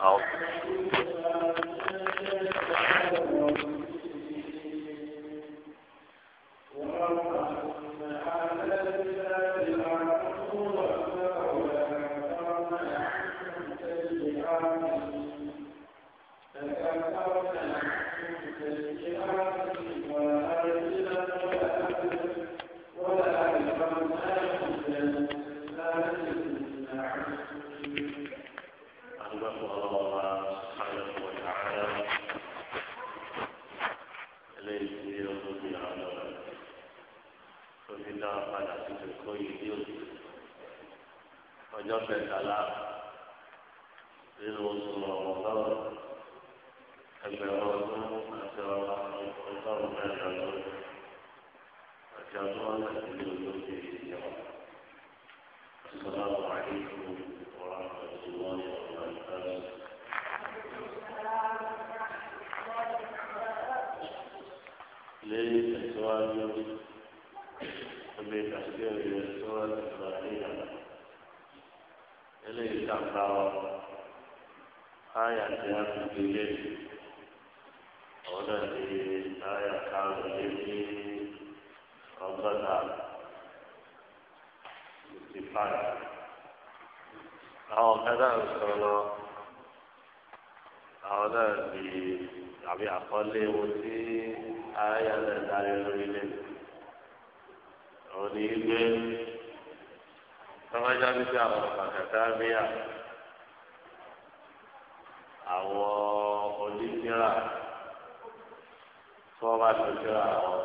I'll ọ̀sẹ̀ ìdàlá ti lé àwọn náà ti táyà káàrún lé ní ọgọ́ta ti fàdà àwọn ọ̀kadà ń sọ̀rọ̀ àwọn náà ti àbí àkọlé wo tí ayé alẹ́ darí lórí lé àwọn ní ilé tọ́wájá àwọn kàkàtà bíyà. àwùjọ àwọn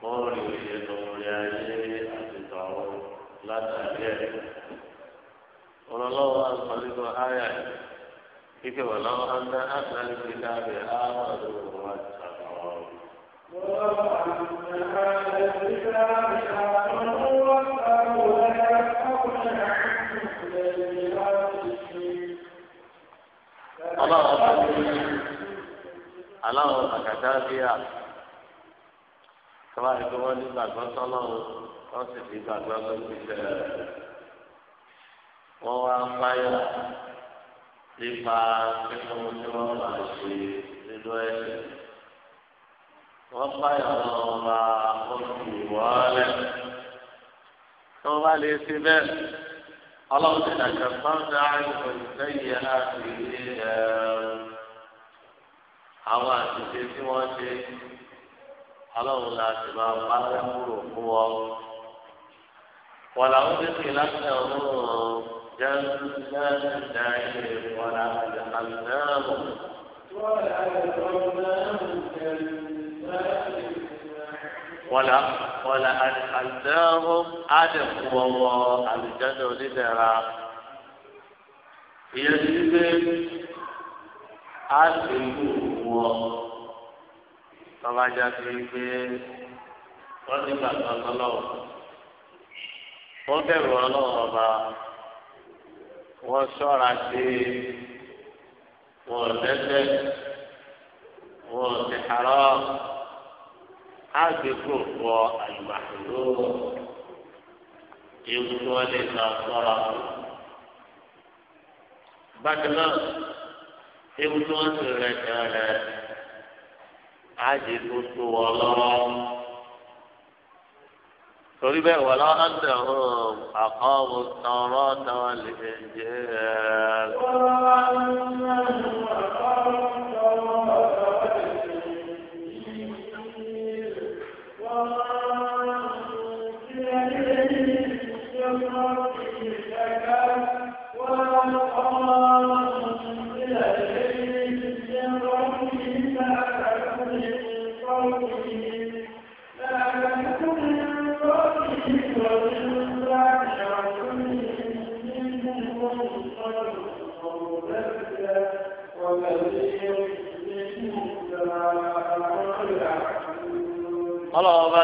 wọ́n rí òye lórí ayé àti tọ̀rọ̀ látàrí ẹ̀. ọlọ́lọ́wọ́ àgbọ̀nrín kan áyà kíkẹ́ wọ̀ lọ́wọ́ á ń rẹ̀ á wà àdáfíà tọ́wá yìí kí wọ́n ní gbàgbọ́ sọ́lọ́run wọ́n sì fi gbàgbọ́ lórí ìṣẹ̀lẹ̀ wọ́n wá nípa tí wọ́n bá ṣe nínú ẹ̀sìn wọ́n lọ́wọ́ bá tí wọ́n bá lè ṣe bẹ́ẹ̀ ọlọ́run ti dàgbà fún àwọn láti ilé àwọn àṣìṣe tí wọ́n ṣe ọlọ́run la sì máa bá kúrò fún ọ. wọ́n làwọn ti pè láti ọ̀hún jẹ́ńdẹ́ńdẹ́ dáìrè wọ́n la àjẹ́ àlùdáàmù. ولا ولا أدخلناهم أدخل الله الجنة لدرا يجب أن يكون wọ tọ́bajá fi gbé wọ́n ti gbà tán lọ́wọ́ wọ́n bẹ̀rù ọlọ́wọ́ ọba wọ́n ṣọ́ra sí wọ́n lẹ́sẹ̀ wọ́n ti àrọ́ àgbẹ̀kọ̀ wọ àlùbàlù ewu tí wọ́n lè sọ sọ́ra bákan náà ewu tí wọ́n sọ rẹ̀ jẹ́ rẹ̀ ájì tó tó wọ lọ́wọ́ torí bẹ́ẹ̀ wọ́n lọ́wọ́ ọ̀dọ̀ ọ̀hún àkọ́wò tọ̀rọ̀ tọ̀rọ̀ lè jẹ́ rẹ̀.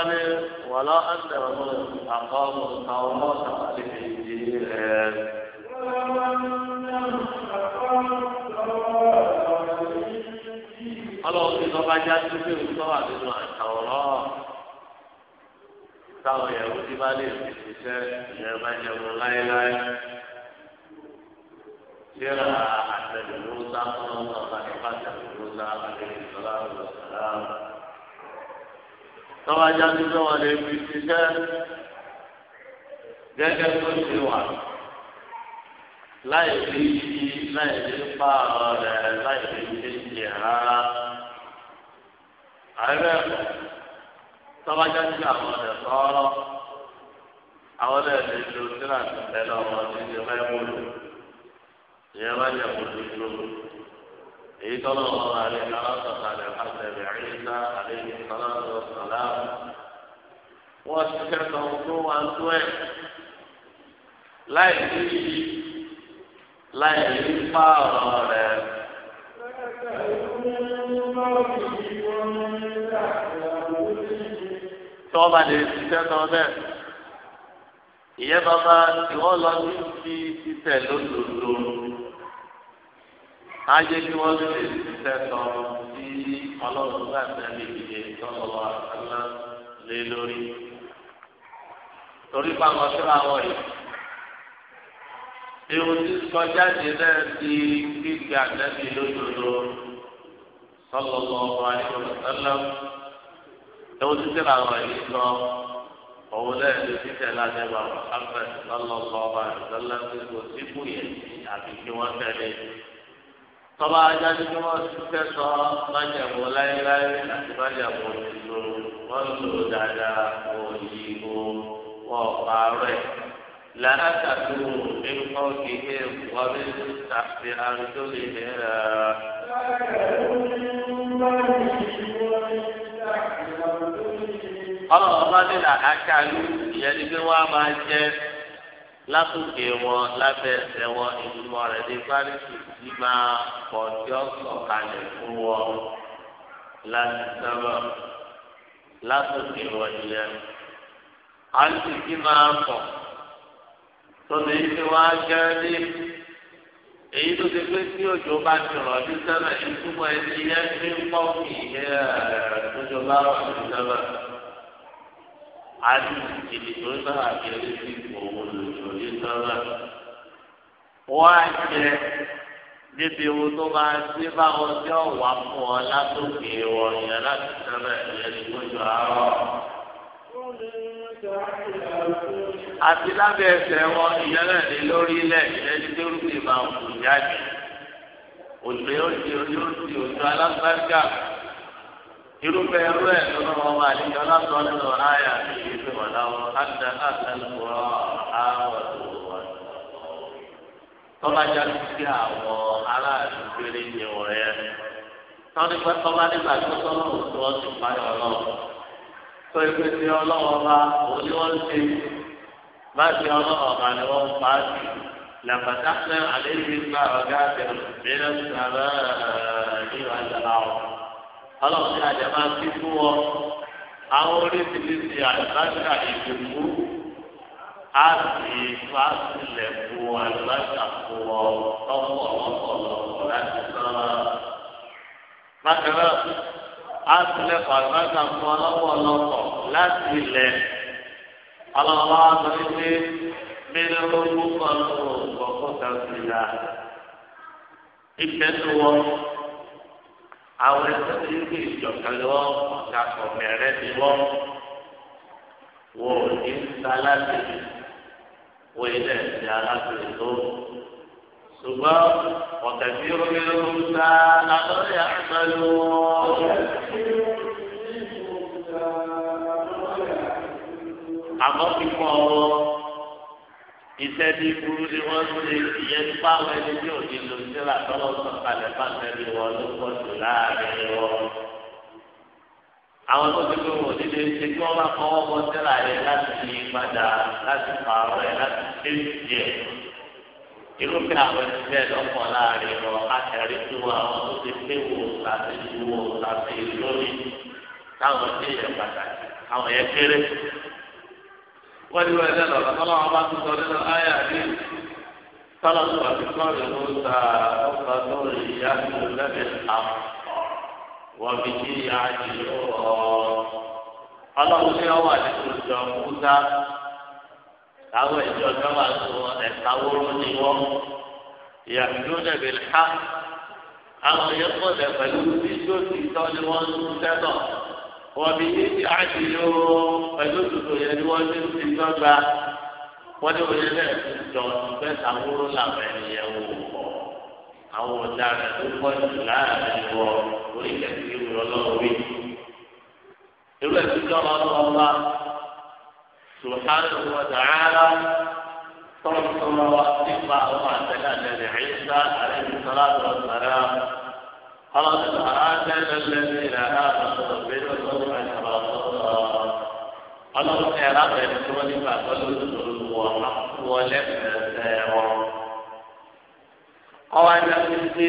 ní wàlá àtẹ̀wọ́ àkọ́mù àwọn ọ̀sàlẹ̀ èyí rẹ̀. ọlọ́run ti lọ́ba já sí pé òun tọ́wà nínú àtàwọ̀rọ̀ táwọn ìyàwó ti bá lè fi ṣiṣẹ́ ìyẹn bá jẹun láéláé. Síra àtẹ̀lẹ̀ ló sá fún ọ̀sán ìfàtẹ̀lẹ̀ ló sá àtẹ̀lẹ̀ ìsọ̀lá ọ̀sán tọ́ba jáde pé wọ́n lè fi ṣiṣẹ́ gẹ́gẹ́ tó ṣe wà láì fi ṣí láì fi pààrọ̀ rẹ̀ láì fi ṣe ṣe rárá. àárẹ̀ tọ́ba jáde pé àwọn ọ̀dẹ̀ sọ̀rọ̀ àwọn ọ̀dẹ̀ lè lo sílà tẹ̀lé ọmọ títí mẹ́múlò ìyẹn bá jẹ́ kó tó dúró èyí tọ́lọ́ ọ̀rọ̀ àlẹ́ aláṣọ̀tà àlẹ́ àṣẹ̀lẹ̀ àyíká àlẹ́ ìsọ̀lọ́sọ̀ sọ̀lá. wọ́n ti kẹ́kọ̀ọ́ tó wà ń tó ẹ̀ láì rí láì rí pààrọ̀ rẹ̀. tí wọ́n bá lè ṣiṣẹ́ tán bẹ́ẹ̀ ìyẹn bàbá tí wọ́n lọ sí ti títẹ̀ lódodo ayé bí wọ́n lè fẹ́ sọ sí ọlọ́run bá tẹ̀lé ìdíje tọ́lọ́ àtàlá lé lórí. torí pàmò síra wọ̀ yìí irú tí sọjáde náà ti gbígbé àtẹ́bí lójoojú sọlọ lọ́wọ́ àìsọ̀tẹ́lẹ̀ irú tí síra wọ̀ yìí sọ òun náà lè fi tẹ̀lé àtẹ́bà ọ̀hánfẹ́ sọlọ lọ́wọ́ àìsọ̀tẹ́lẹ̀ tí kò síkú yẹn àti kí wọ́n tẹ̀lé tọ́ba ajáde kí wọ́n fẹ́ sọ májàmú láéláé àti májàmú òṣìṣẹ́ wọ́n lò ó dáadáa wọ́n yí o wọ́n parọ́ ẹ̀. làákàtú ẹ̀kọ́ kìí wọ́n bí tàbí àrùjọ lè dẹ́ ẹ̀. ọlọ́run bá ní làákàtú ìyẹn ni pé wọ́n á máa jẹ́ látòkè wọn lábẹ́ ẹsẹ̀ wọn ìgbìmọ̀ rẹ̀ ní fárísì tí máa pọ̀ tí ó sọ̀kalẹ̀ fún wọn láti sábà látòkè wọn ilẹ̀. àti tí máa pọ̀ tóbi tí wọ́n á jẹ́ ní èyí tó ti pé tí òjò bá ti rọ̀ ní sábà ìtumọ̀ ẹni yẹn ti ń pọ̀ kì í yẹ ẹ̀ẹ́dọ́jọ́ bá rọ̀ ní sábà. àti ìdìbò sábà kiri sí òun lọ sọ́nà wọ́n á jẹ níbi wo tó máa gbé báwọn tí ó wà fún ọ látòkè wọ̀ yẹn láti sọ́nà ìyẹn ní gbójú àárọ̀. àti lábẹ́ ẹsẹ̀ wọn ìyẹn ní lórí ilẹ̀ ìyẹn ní dérúkì máa kù jáde òṣèré yóò di yóò di òṣù irúfẹ́ ẹrú ẹ̀ lọ́nà ọmọ àlejò aláṣọ nínú àyà ìgbésẹ̀ wọ̀láwọ̀ àdá àtàlùkọ́ àwọn ọ̀dọ́ tọ́ba já sí àwọn aráàlú gbére ní ọ̀rẹ́ tọ́ni pé tọ́ba nígbà tó tọ́lọ́ òtún ọ́ ti parí ọlọ́run tó ipe ti ọlọ́run bá òní wọ́n ti bá ti ọlọ́run bá ni wọ́n pa á sí làbàtà pé àlejò gba ọ̀gá àbẹ̀rù eh, mìíràn ní ìwàjàlá ọ̀ ọlọ́run ti àjẹmá sí fún ọ àwọn oríṣiríṣi àlùbáṣà ìdìbò á sì fa sílẹ̀ fún àlùbáṣà fún ọ lọ́pọ̀lọpọ̀lọpọ̀ láti sán. bákan náà á sílẹ̀ fún àlùbáṣà fún ọ lọ́pọ̀lọpọ̀ láti ilẹ̀ ọlọ́wọ́ àti ilé mílẹ̀ ológun kan ló kọ́ kọ́ta sí i ìfẹ́nu wọn àwọn ẹ̀sẹ̀ tí ń gbé ìjọ̀kẹ́lẹ́ wọn ọ̀gá ọ̀mẹ̀rẹ́ ni wọn wọn ò ní sálábì wọ ilé ẹsẹ alágbèrè tó ṣùgbọ́n ọ̀tẹ̀ tí ó bí ló ń ta lọ́dọ̀ yà pẹ̀lú wọn. àmọ́ kíkọ́ ọ iṣẹ́ bí burú ni wọ́n ṣe ìyẹn nípa àwọn ẹni tí ò ní lò sílà tọ́lọ́sọ̀ kalẹ̀ bá tẹ̀lé wọn ló pọ̀ jù láàrin wọn. àwọn tó ti gbowó nílé ṣe kí wọn bá fọwọ́ bọ́ sílẹ̀ rẹ láti yí padà láti pààrọ̀ rẹ láti ṣéǹtì ẹ̀ irúfẹ́ àwọn ẹni bẹ́ẹ̀ lọ́pọ̀ láàrin lọ akẹ́rì tó àwọn tó ti pé wò láti wò láti lórí táwọn ti yẹ pàtàkì àwọn kéré. wọ́n ti wọ́n ẹ̀dẹ́ lọ́la wọn bá tún sọ nínú ayé àdé kọ́ọ̀lù ló ta ọ̀pọ̀ ìyá tó wọ́n fi jí àjì lọ́wọ́. ọlọ́run ní ọwọ́ àdìsú jọ kúta táwọn ìjọ gbọ́dọ̀ sọ ẹ̀ka wóró ní wọ́n. ìyàgbọ́ dẹ̀bi ká àwọn yẹn pọ̀ dẹ̀ pẹ̀lú títí títọ́ ni wọ́n ń sẹ́tọ̀. wọ́n fi jí àjì lọ́wọ́ pẹ̀lú tuntun yẹn ni wọ́n ti ń títọ́ gba. wọ́n ní wọ́n lẹ́ẹ̀kú jọ bẹ́ẹ̀ táwọn làwọn ẹ̀yẹ wò àwọn ọ̀daràn tó pọ̀ jù láàrin wọ orí kẹ̀kẹ́ ìwúrọ̀ ọlọ́run rí. irú ẹ̀sìn tí wọ́n lọ wá subhanahu wa ta'ala tọ́lọ́tọ́lọ́ nípa àwọn àtẹ̀lẹ́ àtẹ̀lẹ́ ẹ̀yẹ́sà àlẹ́yìn sọ́lá tó sàrà. قال تعالى الذين آمنوا بالرسول قالوا يا رب ادخلوا لما قالوا ادخلوا وحق ولم نساوى ọwọ́ ajá ti ṣe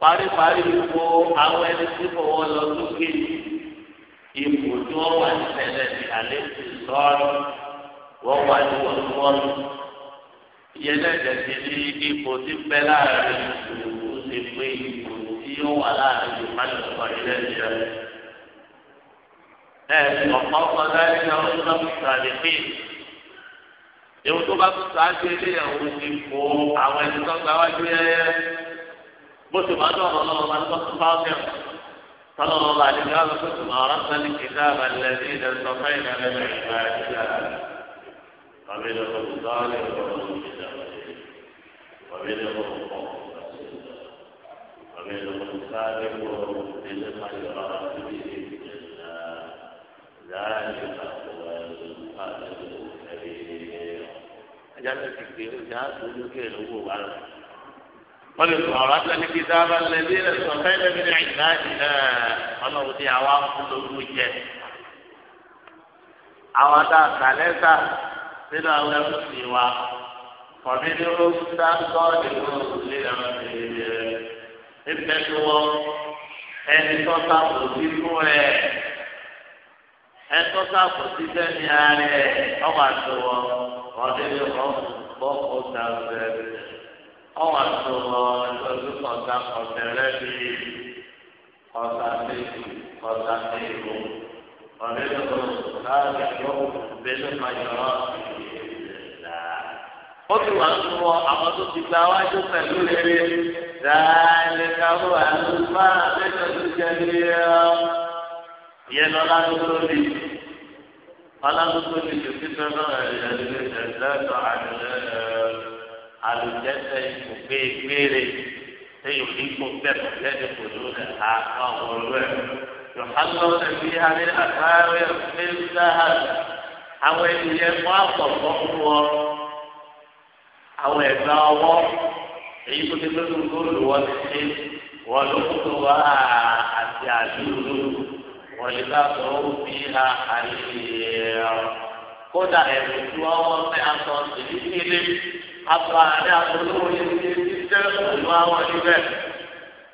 paríparí gbogbo àwọn ẹni tí fọwọ́ lọ lókè ipò tí wọ́n wà nílẹ̀ ní alẹ́ ti sọ́ọ́rọ́ wọ́n wà ní wọ́n ìyẹn náà tẹ̀sí ní ipò tí pẹ́ láàrin ìṣòro ṣe pé ipò tí ó wà láàrin ìbálòpọ̀ ilẹ̀ ìjọ ẹ̀ ọ̀pọ̀ ọ̀pọ̀ láti ṣe ọdún náà ewu tó bá tún sáájú eléyàwó ti fò àwọn ẹni tó gba wájú yẹyẹ bó ti máa dọ̀rọ̀ lọ́wọ́ bá tó tún bá ọ̀fẹ́ tọ́lọ́ lọ́wọ́ bá àdìgbà wọn tó tún máa rán sani kìlá abalẹ̀ ní ilẹ̀ sọ fẹ́yìn lẹ́lẹ́ ìgbà ìgbà wàbí lè kó bá ọ̀rọ̀ ìjà wàbí lè kó kọ́ wàbí lè kó sáájú ọ̀rọ̀ ìjà ìgbà ìgbà ìgbà ajá ló ti gbé ọjà olókè lówó wa lọ. wọ́n lè sọ ọ̀rọ̀ atẹ́lẹ́ kí sábà lẹ́bí rẹ̀ sọ fẹ́ẹ́ lẹ́bí rẹ̀ ìgbà ìlẹ̀ ọlọ́run ní àwa fún lórí jẹ. àwọn tá a kà lẹ́sà nínú àwọn ẹrú sí wa kọ̀mí ní ó dá sọ́ọ̀dì ló lé ẹ̀rọ ìbẹ̀tù wọn ẹni tó sábò sí fún ẹ̀ ẹtọ́ sáàpù sísẹ́ ní ààrẹ ọwọ́ àtọwọ́ ọdẹ́lẹ́ ọ̀pọ̀ ọ̀tà ọ̀tẹ̀rẹ̀ ọwọ́ àtọwọ́ ọdún ọ̀tà ọ̀tẹ̀rẹ̀ bí ọ̀tà méjì ọ̀tà méjì ọ̀dẹ́lẹ́ ọ̀tà bẹ́lẹ́ mayọ̀rọ̀ ó ti wà ń wọ àwọn tó ti gba wájú pẹ̀lú rere dáa lè kàwé àlùfáà lẹ́tọ̀ọ́ tó jẹ́ rere ọ́. ìyẹn lọ ládùúgbò ní ọlọ́dúnkò ní tòkí tó náà ẹ̀ẹ́dẹ́gbẹ̀tọ̀ àlùjẹ́sẹ̀ ìkùgbé gbére téèyàn ní kó bẹ́ẹ̀ lẹ́nu kò ló rẹ̀ á ẹ̀mí hàní àtàwé ẹ̀fẹ́sáhà àwọn ènìyàn mú àpọ̀pọ̀ fún ọ àwọn ọwọ́ èyí tó ti wọ́n ti ṣe wọ́n ló kó wá àti àdúró ولباسهم فيها حرير kódà ẹ̀rù tí wọ́n wọ́n fẹ́ aṣọ ìdílé aṣọ àárẹ̀ aṣọlówó ìdílé títẹ́ pẹ̀lú àwọn ìbẹ̀.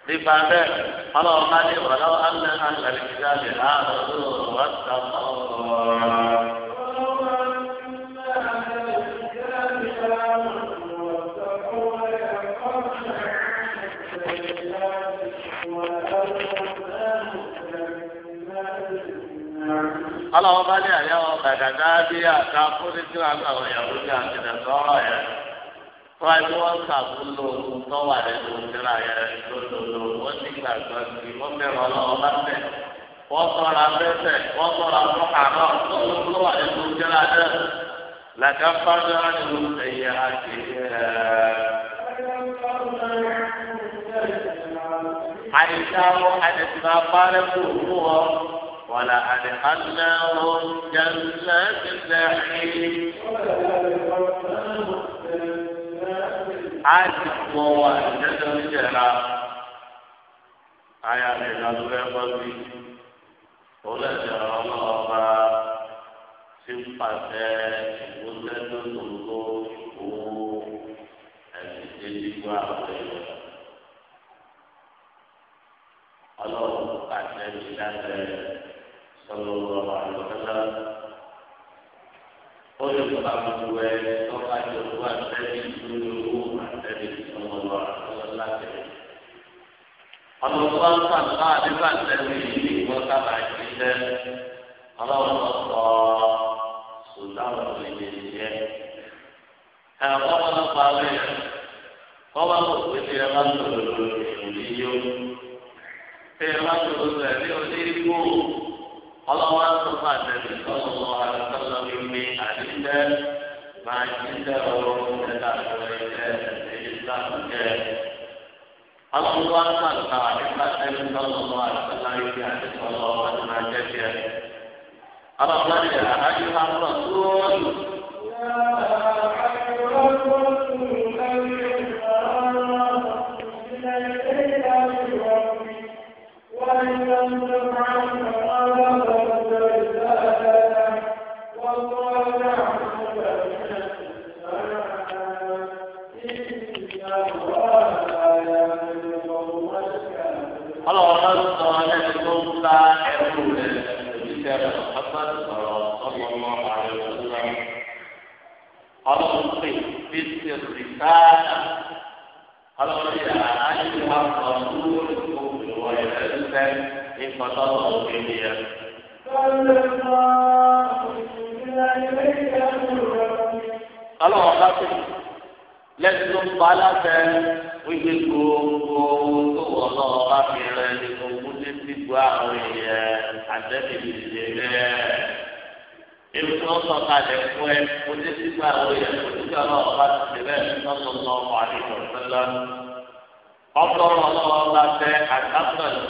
nípa bẹ́ẹ̀ ọlọ́run bá ní ìwọ̀lọ́wọ́ alẹ́ àgbàlẹ̀ ìdájẹ́ àárọ̀ lóòrùn wọ́n ti ta ọ̀rọ̀. ọlọ́wọ́ bá ní àyà wọn kàkàtà bí àká fúnisí àgbà wọn yàgò bí àtẹnà sọ́rọ̀ yẹn wọ́n ní wọ́n sàkúlò tọ́wà nínú ìlera yẹn lòlòlò wọ́n ti gbàgbọ́ sí wọ́n mẹ́rọ ọlọ́wọ́ bá tẹ̀ wọ́n sọ̀rọ̀ abẹ́sẹ̀ wọ́n sọ̀rọ̀ àtọ́kà náà tọ́wà nínú ìlera yẹn làkàfàdà nínú ẹ̀yà àti ẹ̀ àyíká wọn àyẹ̀tì máa bá ولأدخلناهم جنات النعيم عاتق ووالدة الجنة آية من الغيب ولد الله sípàtẹ ìgbósẹ́dọ́dọ́gbó owó ẹ̀sìn ìdígbò àwọn ẹ̀yọ. ọlọ́run pàṣẹ ìdájọ́ ẹ̀yọ. صلى الله عليه وسلم قل بعض وقد وحدت قلوب النبي صلى الله عليه وسلم الله صلى النبي وتبع جدا الله صلى سلطان الجنة فقال قال قال وفي رمضان الجنة في رمضان الجنة ọlọ́wọ́ sọ́kà tẹ̀lé ọlọ́wọ́ àtọ́lọ́ ìwé àdídẹ́ máa dídẹ́ ọlọ́wọ́ tẹ̀lé àtọ́lọ́ ìwé ìsìlámù jẹ́. ọlọ́wọ́ sọ́kà nípa tẹ̀lé ọlọ́wọ́ àtọ́lọ́ ìwé àdídọ́lọ́ ọdún ajẹ́jẹ́. ọlọ́wọ́ yẹ àdájọ́ àwọn ọ̀ṣun.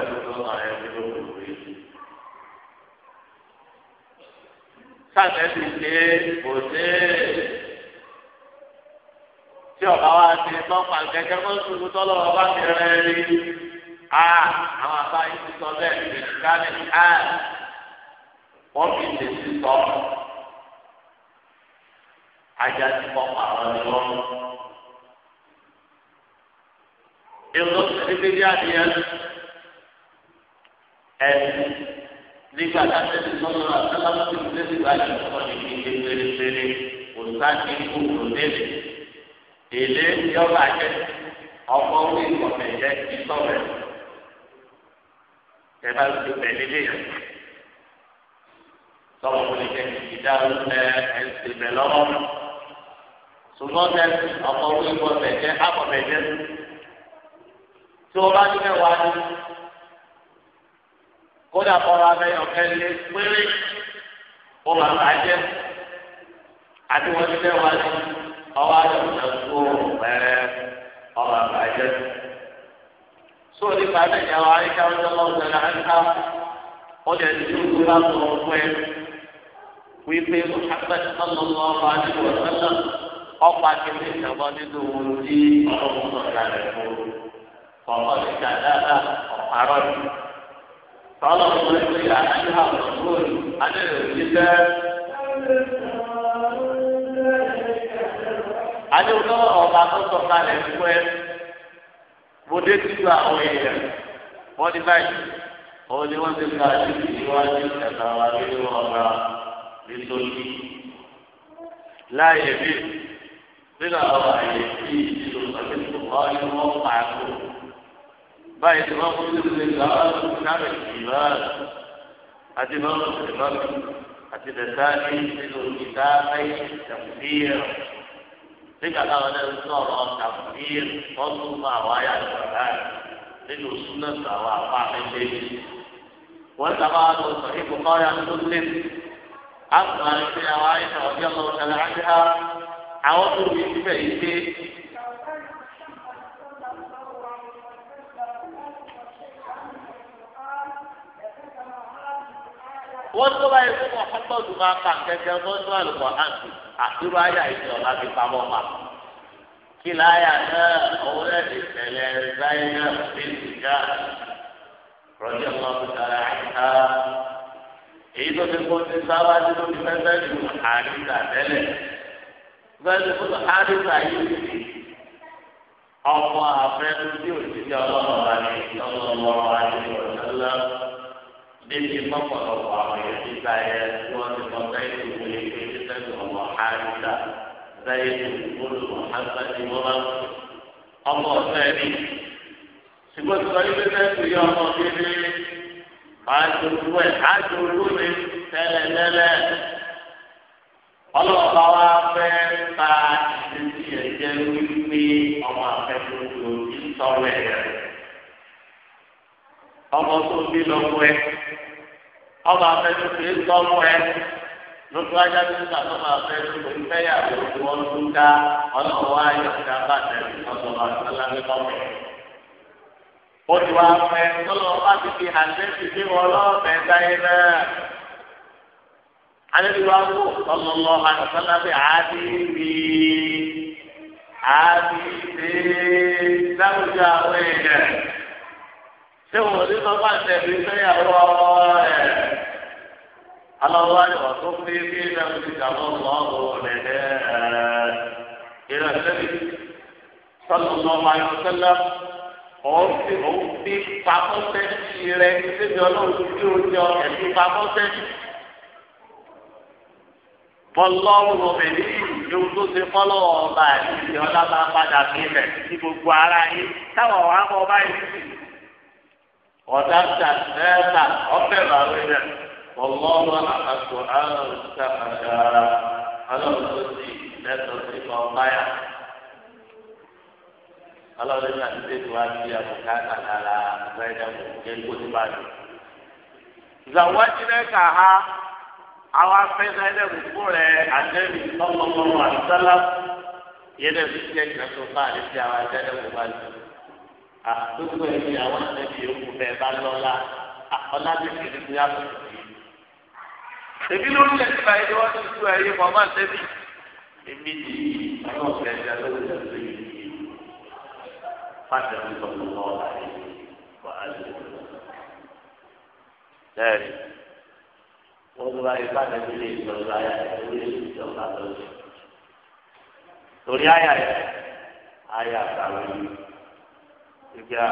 pẹ̀lú tó ń rẹ̀ ní lóko ìwé yìí. Sáàtẹ̀ ti ṣe kò ṣe é. Tí ọ̀gá wa ti tọ́pa kẹ̀kẹ́ mọ́ ṣubú tọ́lọ́ ọba ti rẹ̀ rí. A àwọn àbá yìí ti sọ bẹ́ẹ̀ ní Gánà A. Wọ́n fi lè ti sọ. Ajá ti pọ̀ pàrọ̀ ni wọ́n ìlú ìdíje àdìyẹ ẹni nígbà tí a ti ti sọ́dọ̀ àti aláwọ̀ tó ti ti báyìí lọ́wọ́ ní kí n ṣe pérépéré kò sáàkì kú kò délé èlé yọba jẹ ọkọ orí ìkọ̀fẹ́ jẹ ìsọ̀rẹ́ ẹ bá ti bẹ̀rẹ̀ lé yẹn sọ̀rọ̀ kò lè jẹ ìdá ẹ ẹ ti bẹ̀ lọ́wọ́ ṣùgbọ́n tẹ ọkọ orí ìkọ̀fẹ́ jẹ akọ̀fẹ́ jẹ tí wọ́n bá ní mẹ́wàá ní kódà kọ́ra abẹ́yọ̀ kẹ́lẹ́ péré ó wà àti wọ́n ti fẹ́ wá sí ọwọ́ àdúgbò tó pẹ́rẹ́ ọwọ́ àbájẹ́. sóò nípa bẹ́ẹ̀ àwọn àríkà ń lọ́wọ́ sẹ́lẹ̀ àríkà ó jẹ́ ti dúró bá tó ń pẹ́ wípé Muhammad sallallahu alaihi wa sallam ọ̀pá kìíní ìjọba nínú ohun tí ọlọ́run sọ̀rọ̀ rẹ̀ fún ọ̀pọ̀ ìjà dáadáa ọ̀pá قال الله إلى أنها الرسول أن الكتاب Adé wò lọ́wọ́ ọba tó sọ kalẹ̀ fún ẹ. Mo dé títú àwọn èèyàn. Wọ́n ní báyìí. Òun ni wọ́n ti gba títí ìwájú ẹ̀ka wa nínú ọ̀gá nítorí. Láàyè bí nínú àwọn àyè tí ìdílé ọ̀gá tó wọ́n ní wọ́n pààkó báyìí tí wọ́n fún mi lè gbà á sáré ìgbà àti wọ́n fún mi lọ́nà àti dẹ̀sáàdì nínú ìdá ayé tàbíyà nígbà táwọn ẹni sọ̀rọ̀ tàbíyà wọ́n tún mọ àwọn ayé àgbàlá nínú súnmọ́tò àwọn apá méjèèjì. wọ́n sábà lọ sọ ipò kọ́ra tó lé àgbà ìpè àwọn ayé tàbíyà lọ́wọ́ tẹ̀lé àjẹ́ àwọn tó wí síbẹ̀ yìí wọ́n tó báyìí fún mọ̀hámọ́dù máa kà kẹ́kẹ́ mọ́tò àlùkò àǹtí àtúrò ayà ìṣẹ̀ ọ̀la fi pamọ́ pa. kí láyà náà ọwọ́ rẹ̀ lè tẹ̀lé báyìí náà fi ń sìgá rọ̀jò ọlọ́run tara àìká. èyí tó ti kó ti sáwá tí ló ti fẹ́fẹ́ ju àríkà tẹ́lẹ̀. bẹ́ẹ̀ni fún àríkà yìí ti ọmọ àfẹnudí òṣìṣẹ́ ọlọ́run àti ọlọ́run àti ọ̀sán lọ́wọ́ níbi mọ́pọ̀lọpọ̀ àwọn èèyàn ti gba ẹ tí wọ́n ti mọ sáyé tó wọlé pé ní sẹ́yìn ọmọ àríta sáyé tó wọlé wọn àgbà tí wọ́n bá ọmọ ọ̀sẹ̀ rí. ṣùgbọ́n tí wọ́n yíwé sẹ́yìn tó yẹ ọmọ kéde àjò ìwẹ̀ àjò olóore tẹ́lẹ̀tẹ́lẹ̀ ọlọ́ọ̀bá wa fẹ́ ta ìdíje ẹ̀jẹ̀ wípé ọmọ àfẹ́kù lòdì sọ̀rọ̀ ẹ̀yẹ̀ rẹ̀ ọmọ tó bí lọ́mú ẹ ọmọ afẹ́tò tó ń tọ́mú ẹ lótú ajá tó ń tà tó máa fẹ́ tó ń fẹ́ yàgò tí wọ́n tún dá ọlọ́wọ́ ayé ọ̀gá bá tẹ̀lé ọ̀sọ̀rọ̀ àtàlágbé tọ́mú ẹ. ó ti wá fẹ́ tọ́lọ́ bá ti fi àtẹ́sí sí wọn lọ́ọ̀fẹ́ sáyé náà. alẹ́bí wa kú ọlọ́lọ́ àtàlágbé àádé rí àádé rí àwọn èèyàn ṣé wọn ò ní sọ fún àtẹ̀bí fẹ́yàwó ẹ̀ alọ́wọ́ àyọ̀ tó fi bí náà ti dàbọ̀ lọ́wọ́ lẹ́lẹ́ ẹ̀ ìrẹsẹ̀lẹ̀ sọ́dọ̀ ọmọ ayọ̀ sẹ́lẹ̀ ọ̀ọ́sì ọ̀ọ́sì pamọ́sẹ́sì rẹ̀ ṣébi ọlọ́run tí ó jọ ẹ̀sìn pamọ́sẹ́sì bọ́lọ́run ọ̀bẹ̀lì yóò tó ṣe fọ́lọ́ ọba àti ìyọ́lá máa padà sílẹ̀ ní gbogbo ara yìí táwọn wàá mọ ọ̀dàtà ẹ̀ẹ́dà ọ̀bẹ̀ làwọn ẹ̀dẹ̀ ọlọ́run àkàtò àrùn sàkàdà ọlọ́run tó ti lẹ́tọ̀ sí ọ̀báyà ọlọ́run náà ti tètè wá sí àbùká kàkàrà àgbẹ̀dẹ̀ òkè kó ti bá dùn. ìzàwájú rẹ̀ kà á àwọn afẹ́fẹ́ ẹ̀dẹ̀ kúkú rẹ̀ àdẹ́rì ọlọ́run àti sálá yẹ́dẹ̀ fi ṣe ìgbàsọ̀ bá àdéhùn àdókò ẹni àwọn ẹni yòókù bẹ́ẹ̀ bá ti fi i. èmi ló ń tẹ̀sí báyìí ni wọ́n ti tú ẹyẹ mọ́ máa tẹ́bi. èmi ni ọmọ ọ̀gá ẹja ló ń tẹ̀sí yìí. pàṣẹ mi sọ fún ọ láyé wà á lè lọ. bẹ́ẹ̀ni wọ́n ló bá yẹ mi lè sọ láyà lórí ahịa. lọ́sọ̀. torí àyà yẹn àyà àtàwọn yìí. ibi a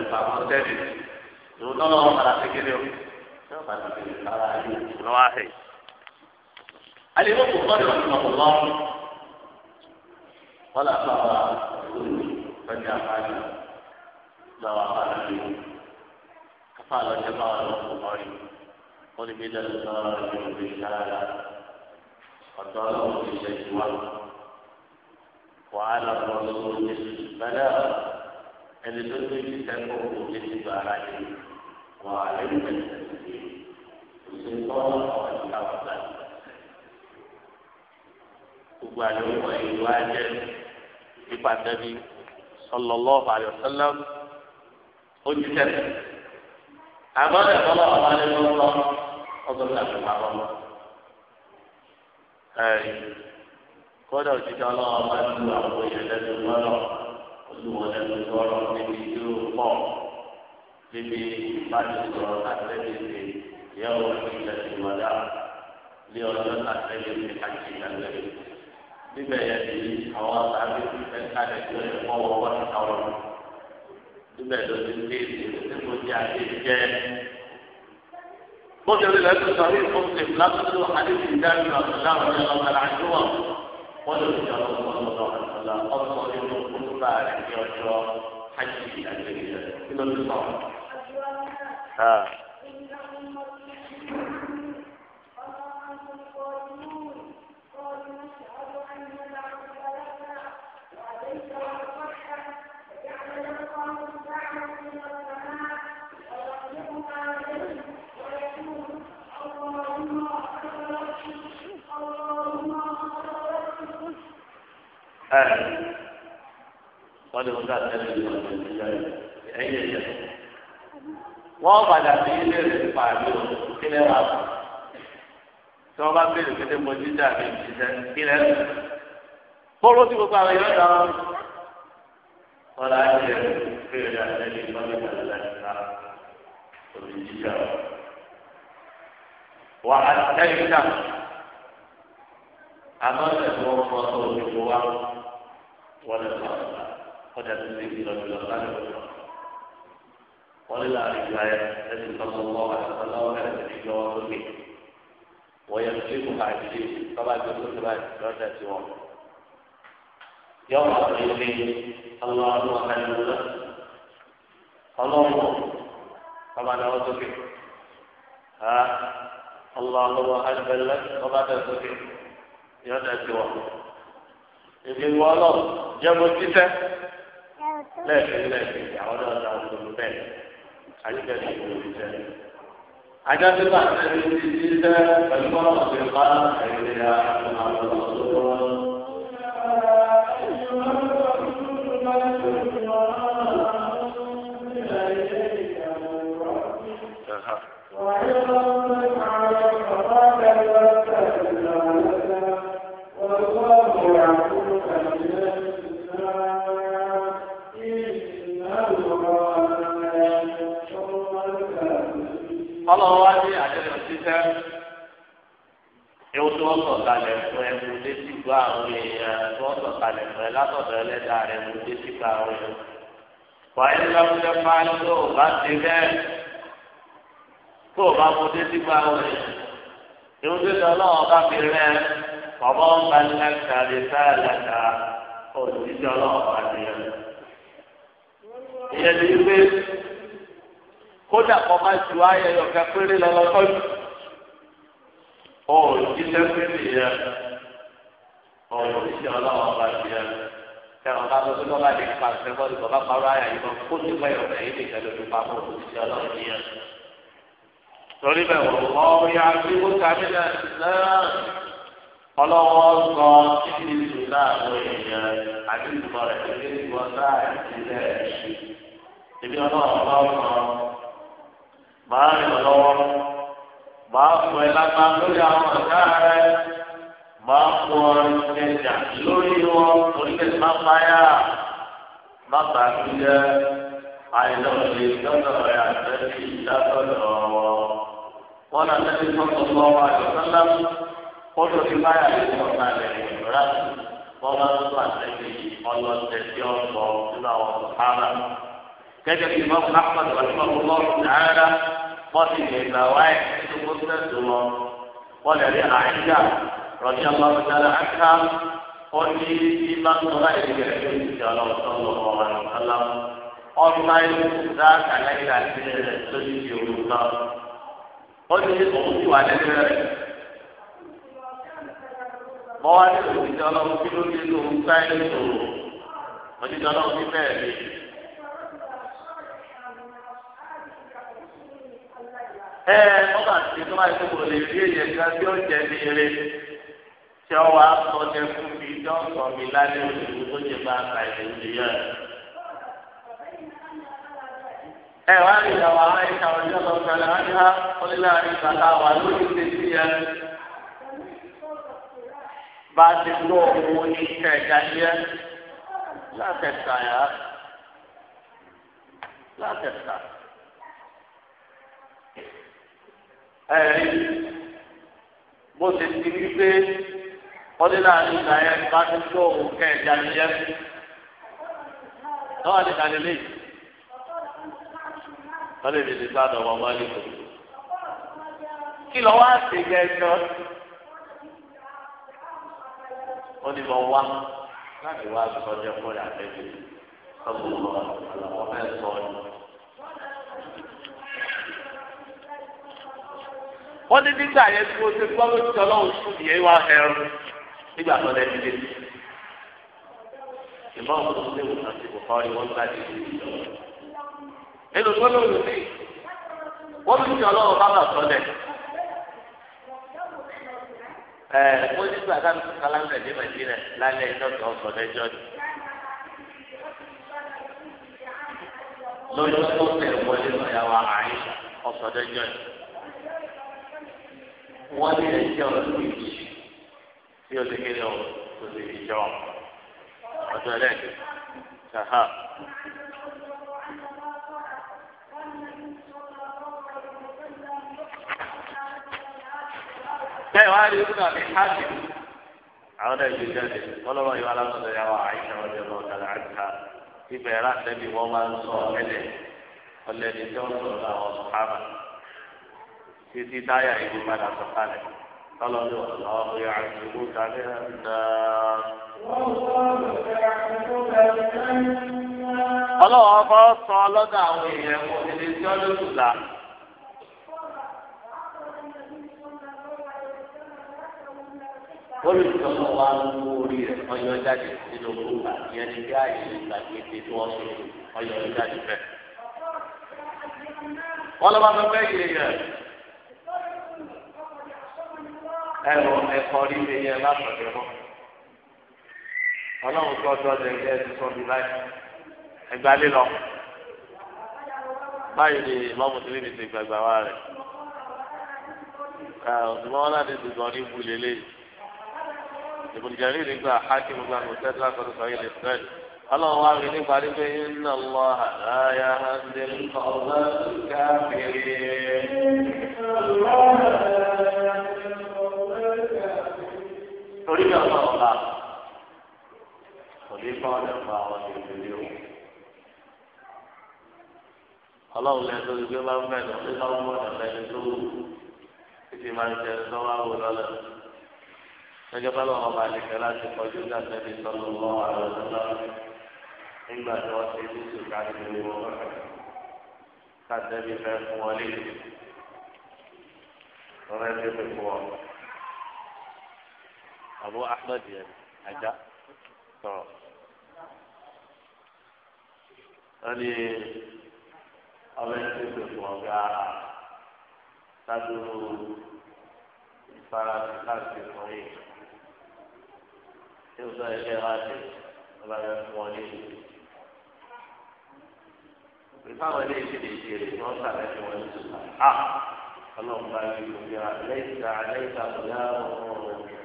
ìpamọ́ tẹ́lẹ̀ ìwọ tọ́lọ́ wọn padà sí kéde o yóò padà sí kéde ara yìí lọ́wọ́ àhẹ. alẹ́ yóò kó kọ́ni wọn kọ́ lọ́wọ́ wọ́n lọ sọ àwọn ọ̀gbìn àfáàní lọ́wọ́ àfáàní yìí káfá lọ́jọ́ bá wà lọ́wọ́ kọ́ni wọ́n ní bí lọ́wọ́ lọ́wọ́ lọ́wọ́ lọ́wọ́ lọ́wọ́ ọ̀dọ́ lọ́wọ́ ìṣẹ́jú wa. وعلى الرسول البلاغ الذي تكون للعبادة وعلينا التسليم السلطان والحفظ gbogbo àlewọ ìlú ajẹ nípa tẹbi sọlọlọfà àyọsọlọ ó ti tẹsẹ àmọ́ ẹ̀kọ́ náà wà lẹ́nu lọ ọgbọnọ àti màmá ẹ kódà òṣìṣẹ́ ọlọ́run bá ti lu àwọn èèyàn lẹ́nu gbọ́dọ̀ olùwọ̀n lẹ́nu gbọ́dọ̀ níbi irú pọ̀ níbi ìbánisọ̀rọ̀ àtẹ́lẹ́sẹ̀ ìyàwó ìpínlẹ̀ ìwọ̀dà ní ọjọ́ àtẹ́lẹ́sẹ̀ àti ìdàgbẹ́rẹ́. níbẹ̀ yẹn ni àwọn àtàlẹ́ ti fẹ́ kálẹ̀ tó yẹ kọ́ wọ́n wọ́n ti sáwọn. níbẹ̀ ló ti dé ìdílé tí kò àti ìjẹ́. bó ti rí sọ wọ́n lè fi ọ̀rọ̀ ọ̀rọ̀ ọ̀rọ̀ ọ̀rọ̀ ọ̀sọ̀ nínú hajj àgbègbè rẹ̀ kí ló ń sọ. ẹ eh. wọ́n lè wọ́n dá tẹ́lẹ̀ ní ọ̀dọ̀ ìjọba ẹ̀yẹ yẹ. wọ́n padà sí ilé rẹ̀ pàdé o kílẹ̀ wà fún tí wọ́n bá béèrè pété mo jíjà mi jíjẹ kílẹ̀ rẹ̀. kóró tí gbogbo àwọn èèyàn dáná wọ́n lọ ayé rẹ̀ béèrè dá tẹ́lẹ̀ òbí jíjà wà á tẹ́lẹ̀ ká àmọ́ ẹ̀fọ́ ọmọ tó o ti wá wọ́n lè fà ọ́ ọjà tó ti di lọ́dún lọ́dún lọ́dún wọ́n lè láàrin ìgbà yẹn lẹ́sìn tọ́kọ mọ́ àtàkọ́lá ọ̀gá ẹ̀sìn ìjọ wọn lókè wọ́n yẹ kí kò bá ìdílé tọ́ba ìgbà tó ti bá lọ́dún tí wọ́n. yọ̀wọ̀ àwọn ilé ọlọ́run ọ̀kadìmọ́lá ọlọ́run ọba náà wọ́n sókè ọlọ́run ọ̀kadìmọ́lá ọba náà sókè yọ̀dà sí wọn. Èdè wọn lọ jẹ́ mo títẹ́ lẹ́ẹ̀kẹ́ lẹ́ẹ̀kẹ́ àwọn náà ta òṣèlú bẹ́ẹ̀ àyíkẹ́ ní ìlú ìjẹ́. Ajáde bá tẹ̀lé ti ti tẹ́ pẹ̀lú bọ́lá ọ̀sẹ̀ bá ẹ̀yẹ àwọn àwọn ọ̀ṣọ́ Wow. látọ̀dọ̀ ẹlẹ́dàá rẹ̀ ló dé síta rẹ̀. wàyí lọ́kùnrin máa ń tó o bá ti bẹ́ẹ̀ tó o bá mo dé síta rẹ̀. irun tó sọ náà bá fi rẹ̀ bàbá ń bá lẹ́ka lè sá lẹ́ka òṣìṣẹ́ ọlọ́ọ̀pá ti rẹ̀. ìyẹn ti gbé kódà kọ́ máa ju ayẹyẹ ọ̀kẹ́ péré lọ́lọ́kọ́jú òṣìṣẹ́ péré yẹn. ọ̀rọ̀ ìṣẹ́ ọlọ́wọ́ bá ti ẹ̀ tẹ̀wọ̀n bá lọ sí lọ́ba lè pa àṣẹ bọ́ọ̀lù bàbá parọ́ àyà yìí kan kó ti pẹ́ ọ̀rẹ́ yìí nìkan lójú papọ̀ òṣìṣẹ́ ọlọ́run yẹn. torí bẹ́ẹ̀ wọ̀ ọ́ ya bí ó kárí náà ọlọ́wọ́ sọ títí ìlú náà ló yẹn àti ìgbọ́ rẹ̀ títí ìgbọ́ náà ìdílé ẹ̀ṣin. ibi ọlọ́run bá sọ máa rìn lọ́wọ́ máa fọ máa ń pọ ẹja lórí wọn orílẹ̀ má páyà má bà á tún jẹ́ àìlọ́ọ̀lẹ̀ lọ́dọ̀ rẹ̀ àtẹ́sí ìdásọ̀dọ̀ wọn náà tẹ́sí tọ́tọ̀ lọ́wọ́ àjọ̀sọ́lá kótó ti báyà lè sọ kalẹ̀ ìrora wọn máa ń tún àtẹ́sí ọlọ́tẹ̀ tí ó ń bọ̀ nínú àwọn sọ̀hánà. gẹ́gẹ́ bí mọ́mú ahmed rahman lọ́rùn náírà wọ́n ti lè gbà wáyé nínú kótó رضي الله تعالى áká ó ní bí bá ń sọ láì lè rẹ̀ lórí ìjọ ọlọ́run tó ń lọ bọ̀ wọn lọ́lá ọ̀nà ìdá kàlẹ́kìlá sí rẹ̀ lórí ìjọ olùkọ́ ó ní òun ti wà òṣìṣẹ́ ọlọ́run kí ló dé lóun sáyẹ́ sòrò òṣìṣẹ́ ọlọ́run ti bẹ́ẹ̀ lé. ẹ ọba àti ìdúrà ìdúgbò lè rí èyí ẹ̀ka ó jẹ́ ní eré tí ọ wá sọ jẹ fún mi tí ọ sọ mi lálẹ́ òṣèlú tó jẹ bá ka ìlú ti yẹ. ẹ wá rí ìyàwó àwọn ẹ̀ka ọjọ́ lọ sí ọ̀la wájú ha ó ní láàrin bàtà wà lórí ti sí ẹ. bá a ti gbọ́ owó ní kẹ̀kẹ́ yẹ látẹ̀ka yá látẹ̀ka. ẹ̀rí bó ti ti wí pé wọ́n ní láàrin ìgbà yẹn bá ti tó òun kẹ̀ẹ́dá ni yẹn lọ́wọ́ ní kàlẹ́ lé wọ́n lè bèèrè bá dọ̀wọ́ wọn lé kò kí lọ́ wá sí gẹ́gẹ́ wọ́n ní lọ́ wá láti wá sọ́jọ́ fúnra àtẹ́gbẹ́ sọ́kùn lọ́wọ́ àlọ́ fẹ́ sọ ọ́ wọ́n ní nígbà yẹn tí mo ti gbọ́ lóṣù ọlọ́run sùn yẹn wá ẹ̀rù. nígbà tó lẹ́nu dé ìmọ̀ òkú léwu àti bùkọ́rí wọn bá di ìlú ìjọ. nínú gbólóhùn mi wọ́n fi jọ lọ́wọ́ bá bà sọ́lẹ̀. ẹ mo ní gbà ká lóko kálámẹ̀ ní Nàìjíríà lálẹ́ iná tó sọ lẹ́jọ́ ni. lójú tó tẹ̀ wọlé lọ́yà wa àyíṣà ọ̀sọ̀ lẹ́jọ́ ni. wọ́n ní ẹ̀jẹ̀ tí o lè kéde o tó lè fi jọ ọjọ́ ẹlẹ́ẹ̀kẹ́ ṣàhà. bẹ́ẹ̀ wá rí ibùdó àti hajj àwọn náà gbé jáde ọlọ́wọ́ yìí wà lásán ìyá wa àyíṣà ọjọ́ náà kàlà àjà ibẹ̀ rà lẹ́bi wọ́n máa ń sọ ẹlẹ́ ọlẹ́ni tí wọ́n sọ̀rọ̀ àwọn sọ̀hámà títí táyà ìlú padà sọ̀kalẹ̀. قال والله يعذبك بها النار ọlọ́wọ́ ọba sọ ọlọ́dọ̀ àwọn èèyàn kò ní lè jọ́ lóṣùlá. olùsọ̀rọ̀ wa ń mú orí rẹ̀ ọyọ jáde nínú gbogbo ìyẹn ní bí ààyè ìgbàgbé tí wọ́n ṣe ọyọ jáde bẹ́ẹ̀. wọ́n lọ́ bá fẹ́ fẹ́ yé yẹn ẹ̀rọ ẹ̀kọ́ rí mi yẹn látọ̀dẹ̀ mọ́. ọlọ́run tó ọjọ́ ọdẹ ẹgbẹ́ ẹ ti sọ mi láì ẹgbẹ́ alẹ́ lọ. báyìí ni ìmọ̀mù tí níbi ti gbàgbà wá rẹ̀. ọ̀sùnmọ́ wọn láti dùn gan ní ibu lélẹ̀ yìí. nígbà hákìmù gba mùsẹ́tì látọ̀dọ̀ sọ yìí lè fẹ́ ọlọ́run wá rí nípa ní pé iná lọ àdáyà ń torí náà sọ ọ̀la kò ní bá ọ̀dọ̀ pa àwọn ìrìnlẹ̀ o. ọlọ́run lẹ́nu tó gbé bá ń bẹ̀ lọ sí bá ń bọ̀ ọ̀dọ̀ lẹ́nu tó wù títí máa ń jẹ lọ́wọ́ àwò lọ́lẹ̀. lọ́jọ́ bá lọ́wọ́ bá lè kẹ́ láti kọjú dáadáa bí sọ́nù lọ́wọ́ àwọn ọ̀dọ́ nígbà tí wọ́n ti ní sùkà nínú wọn káàtẹ́bí fẹ́ fún wọn lé ọ̀rẹ́ tó fi fún wọn. Abu Ahmed yẹn ajá sọ̀rọ̀ wọ́n ní ọmọ ẹni tó fún ọ̀gá sádúró ìfarasí láti fún yìí tí ó sọ ilé wa ti ọba yẹn fún ọ ní ìlú. Ìfáwọn ilé ìṣẹ̀lẹ̀ ìṣẹ̀lẹ̀ tí wọ́n sàlẹ̀ fún wọn ní ìṣẹ̀lẹ̀. Ah! Ọlọ́run bá yẹ kó yára lẹ́yìn tá a lẹ́yìn tá a lọ́wọ́.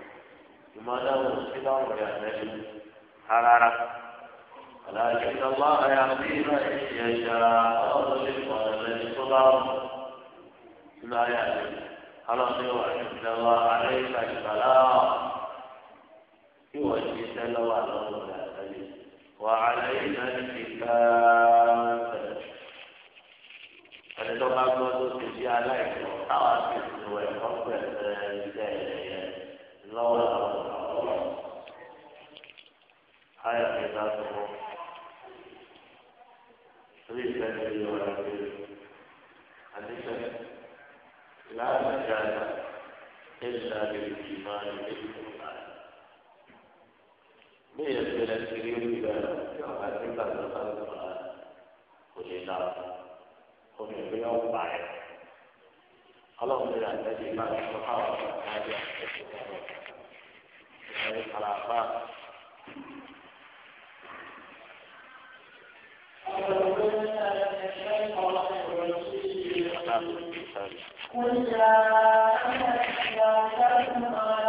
وماذا سلام يا نبي حرارة ولكن الله يهدي من يشاء ويضلل من يضلل ما يهدي على إن الله عليك البلاء يوجه سلوى الله وعلينا الكتاب هذا ما قلت في عليك وقعت في lọ́wọ́ ayọ̀ mi tó wọ́n orí ìfẹ́ mi yọ ọ̀rọ̀ mi àdìsẹ́ láàrín ìjà àgbà ẹ̀ṣẹ̀ àgbèrè jì máa ń lé ìfọ̀nà. bí èèyàn ti rẹ̀ ti rí orí rẹ̀ tí ọ̀gá ti gbàgbọ́ bá tó wà kò lè la omi ìgbéyàwó bá yẹn ọlọ́run lè àtẹ́jú ìgbà tó káwọ́ àtàjọ àtẹ́jú ìgbà ìrìn àlàáfà. Thank you.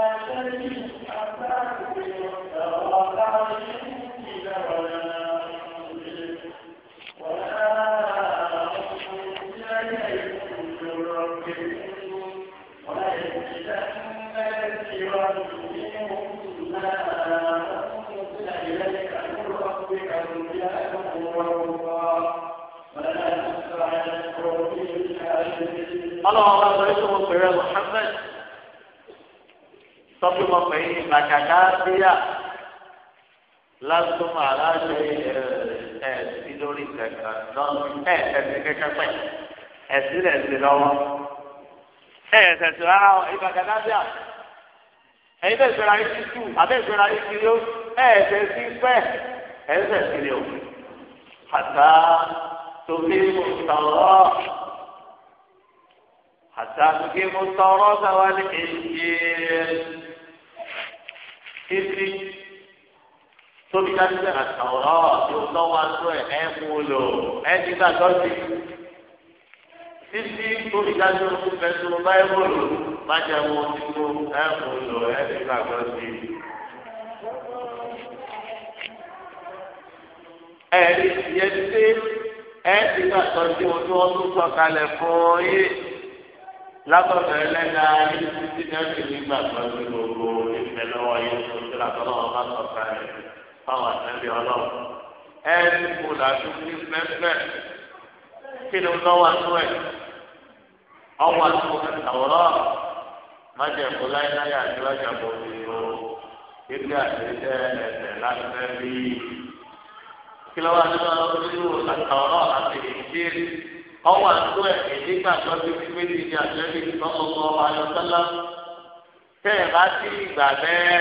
ọlọ́wọ́ bá sọ pé mo pèrè Muhammad sọ pé mo pè é ní bàtàkà bíyà lásùmọ aláṣẹ ẹ sí lórí kẹkẹ ẹ ẹsẹ kẹkẹ pẹ ẹsí rẹ sí lọ́wọ́ ẹ ẹsẹ sí rárá ọ ìbàdàkà bíyà ẹyin bẹ́ẹ̀ sọra yìí ti tù abẹ sọra yìí ti yó ẹ ẹsẹ sí pẹ ẹsẹ sí lè o kàtà tóbi mọ tọwọ àtàkùnkè mo tọrọ sáwá ní èyí títí tóbi dájú pé àtàwọrọ tó lọ́wọ́ àtọ ẹ ẹ mú lò ẹ ti gbà tọ́jú títí tóbi dájú pé fẹsùn báyìí mú lò má jẹ mú títú ẹ mú lò ẹ ti gbà tọ́jú. ẹ̀rí ìyẹn ti ẹ ti gbà tọ́jú ojú ọdún sọ̀kalẹ̀ fún yìí látọ̀dọ̀ ẹlẹ́dà yìí títí ní ọ̀sẹ̀ nígbà pẹ̀lú gbogbo ìfẹ́ lọ́wọ́ yìí tó ti rà tọ́lọ́ wọn bá sọ fún ẹ fáwọn àtẹ́bí ọlọ́run ẹ ti kú làásù ní pẹ́pẹ́ kí ni lọ́wọ́ àtú ẹ̀ ọwọ́ àtú àwòrán májèkó láyéláyé àti májèkó ìlú ibi àtẹ̀jẹ́ ẹ̀sẹ̀ láti fẹ́ bí kí lọ́wọ́ àtú àwòrán àti ìdíyèsí. ọwọ́ àtúntò ẹ̀ nígbà tó fi méjì ní àtúntò ìgbà ọmọ ayọ̀sọ́lá tẹ́ ẹ̀ bá sí ìgbà bẹ́ẹ̀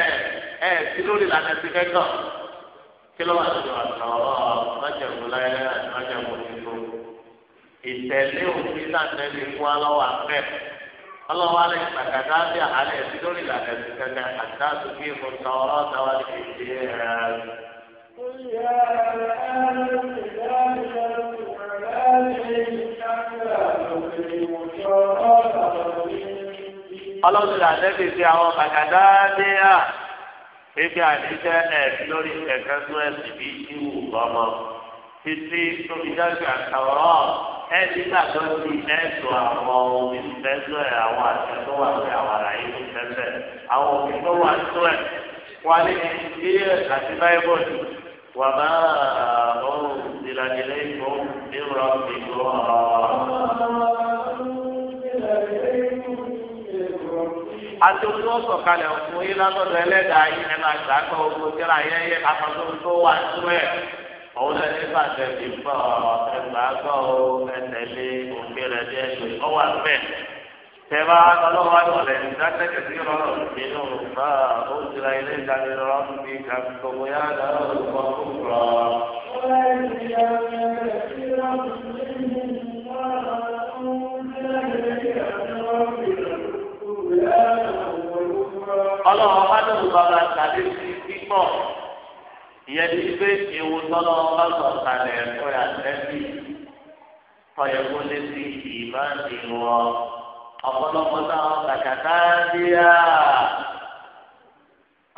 ẹ̀ sí lórí ọrụ ti fẹ́ kí ló wà ọ̀rọ̀ májẹ̀mú láyé májẹ̀mú ìtẹ̀lé òfin ọlọ́wọ́ alẹ́ bí àhálẹ̀ sí ọlọ́sùn àtẹ́sí ti àwọn kàkàdá dé à ebi àdìsẹ́ ẹ̀sìn lórí kẹ̀kẹ́ tó ẹ̀sìn bíi ìwù ọmọ títí tó fi dájú àtàwọ̀rọ̀ ẹ̀sìn gbàgbọ́ ti ẹ̀sùn àwọn omi tẹ́sẹ̀ àwọn àti tó wà pé àwọn àlàyé tó tẹ́sẹ̀ àwọn omi tó wà tó ẹ̀ wà ní ilé àti báyìbọ̀lì wà bá ọ̀hún ìlànà ilé àti ojú ọ̀sọ̀ kalẹ̀ fún yín lọ́dọ̀ ẹlẹ́dàá yín ẹ̀ máa gbàgbọ́ ogun tíra ayẹyẹ afọ́tò tó wà nínú ẹ̀ òun lè ní bàtẹ fi bọ̀ ẹgbàgbọ́ ẹtẹ̀lé òfin rẹ̀ ní ẹgbẹ́ ọwọ́ àgbẹ̀ tẹ̀wá ọlọ́wọ́ àdọ̀lẹ̀ ìdátẹ́kẹ̀ sí ọlọ́run nínú bá ó tira ilé ìdánilọ́ bí kàkọ́kọ́ yá lọ́wọ́ olùkọ́ kúrọ̀. Thank you ọlọ́run ọba lóun bàbá tàbí sí pípọ̀ ìyẹn ti pé ewu tọ́lọ́ ọba sọ kalẹ̀ ẹ̀kọ́ yà sẹ́fì tọ́yẹ̀ kó lé sí ìmáàdì wọn ọ̀pọ̀lọpọ̀ táwọn kàkàtà dí yá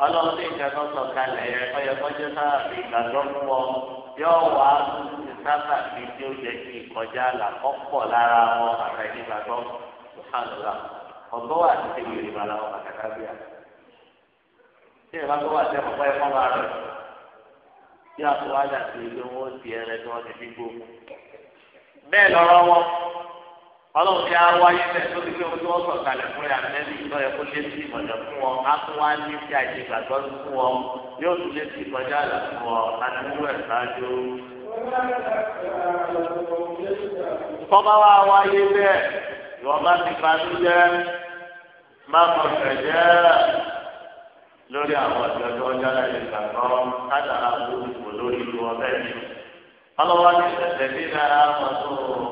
ọlọ́run ní nǹkan tó sọ kalẹ̀ yẹn kọ́ yẹ kọjá sáà fi ìgbàgbọ́ pọ̀ yọ wá sábà fi tí ó jẹ́ kí ìkọjá là kọ́ pọ̀ lára wọn àtàkì ìgbàgbọ́ sùhánùlá ọ̀gbọ́n wà ti tẹ̀lé ìrìnnà làwọn kàkàkà bíà tí ìrìnnà tó wà tẹ̀ ọ̀pọ̀ ẹ̀kọ́ máa rẹ̀ tí a tó wá dà sí ilé wọn ti ẹrẹ tí wọ́n ti fi gbó bẹ́ẹ̀ lọ́rọ́ wọn ọlọ́run ti á wáyé bẹ́ẹ̀ tó ti fi ohun tí wọ́n sọ̀ kalẹ̀ fún yàrá lẹ́bi ìtọ́ yẹ kó lé sí ìmọ̀jọ fún wọn á tún wá ní sí àyè ìgbàgbọ́ fún wọn yóò tún lé sí ìkọjá àlà fún wọn àti wúwẹ̀ ṣáájú. tọ́ba wa wáyé bẹ́ẹ̀ ìwọ̀n bá ti fa sí jẹ́ máa mọ ṣẹ̀jẹ́ lórí àwọn ọ̀dọ́ tó ń jáde nígbà kan kájà àbúrò ìbò lórí ìlú ọbẹ̀ mi. ọlọ́wọ́ ní ṣẹ̀ṣẹ̀ bí náà á mọ̀ tó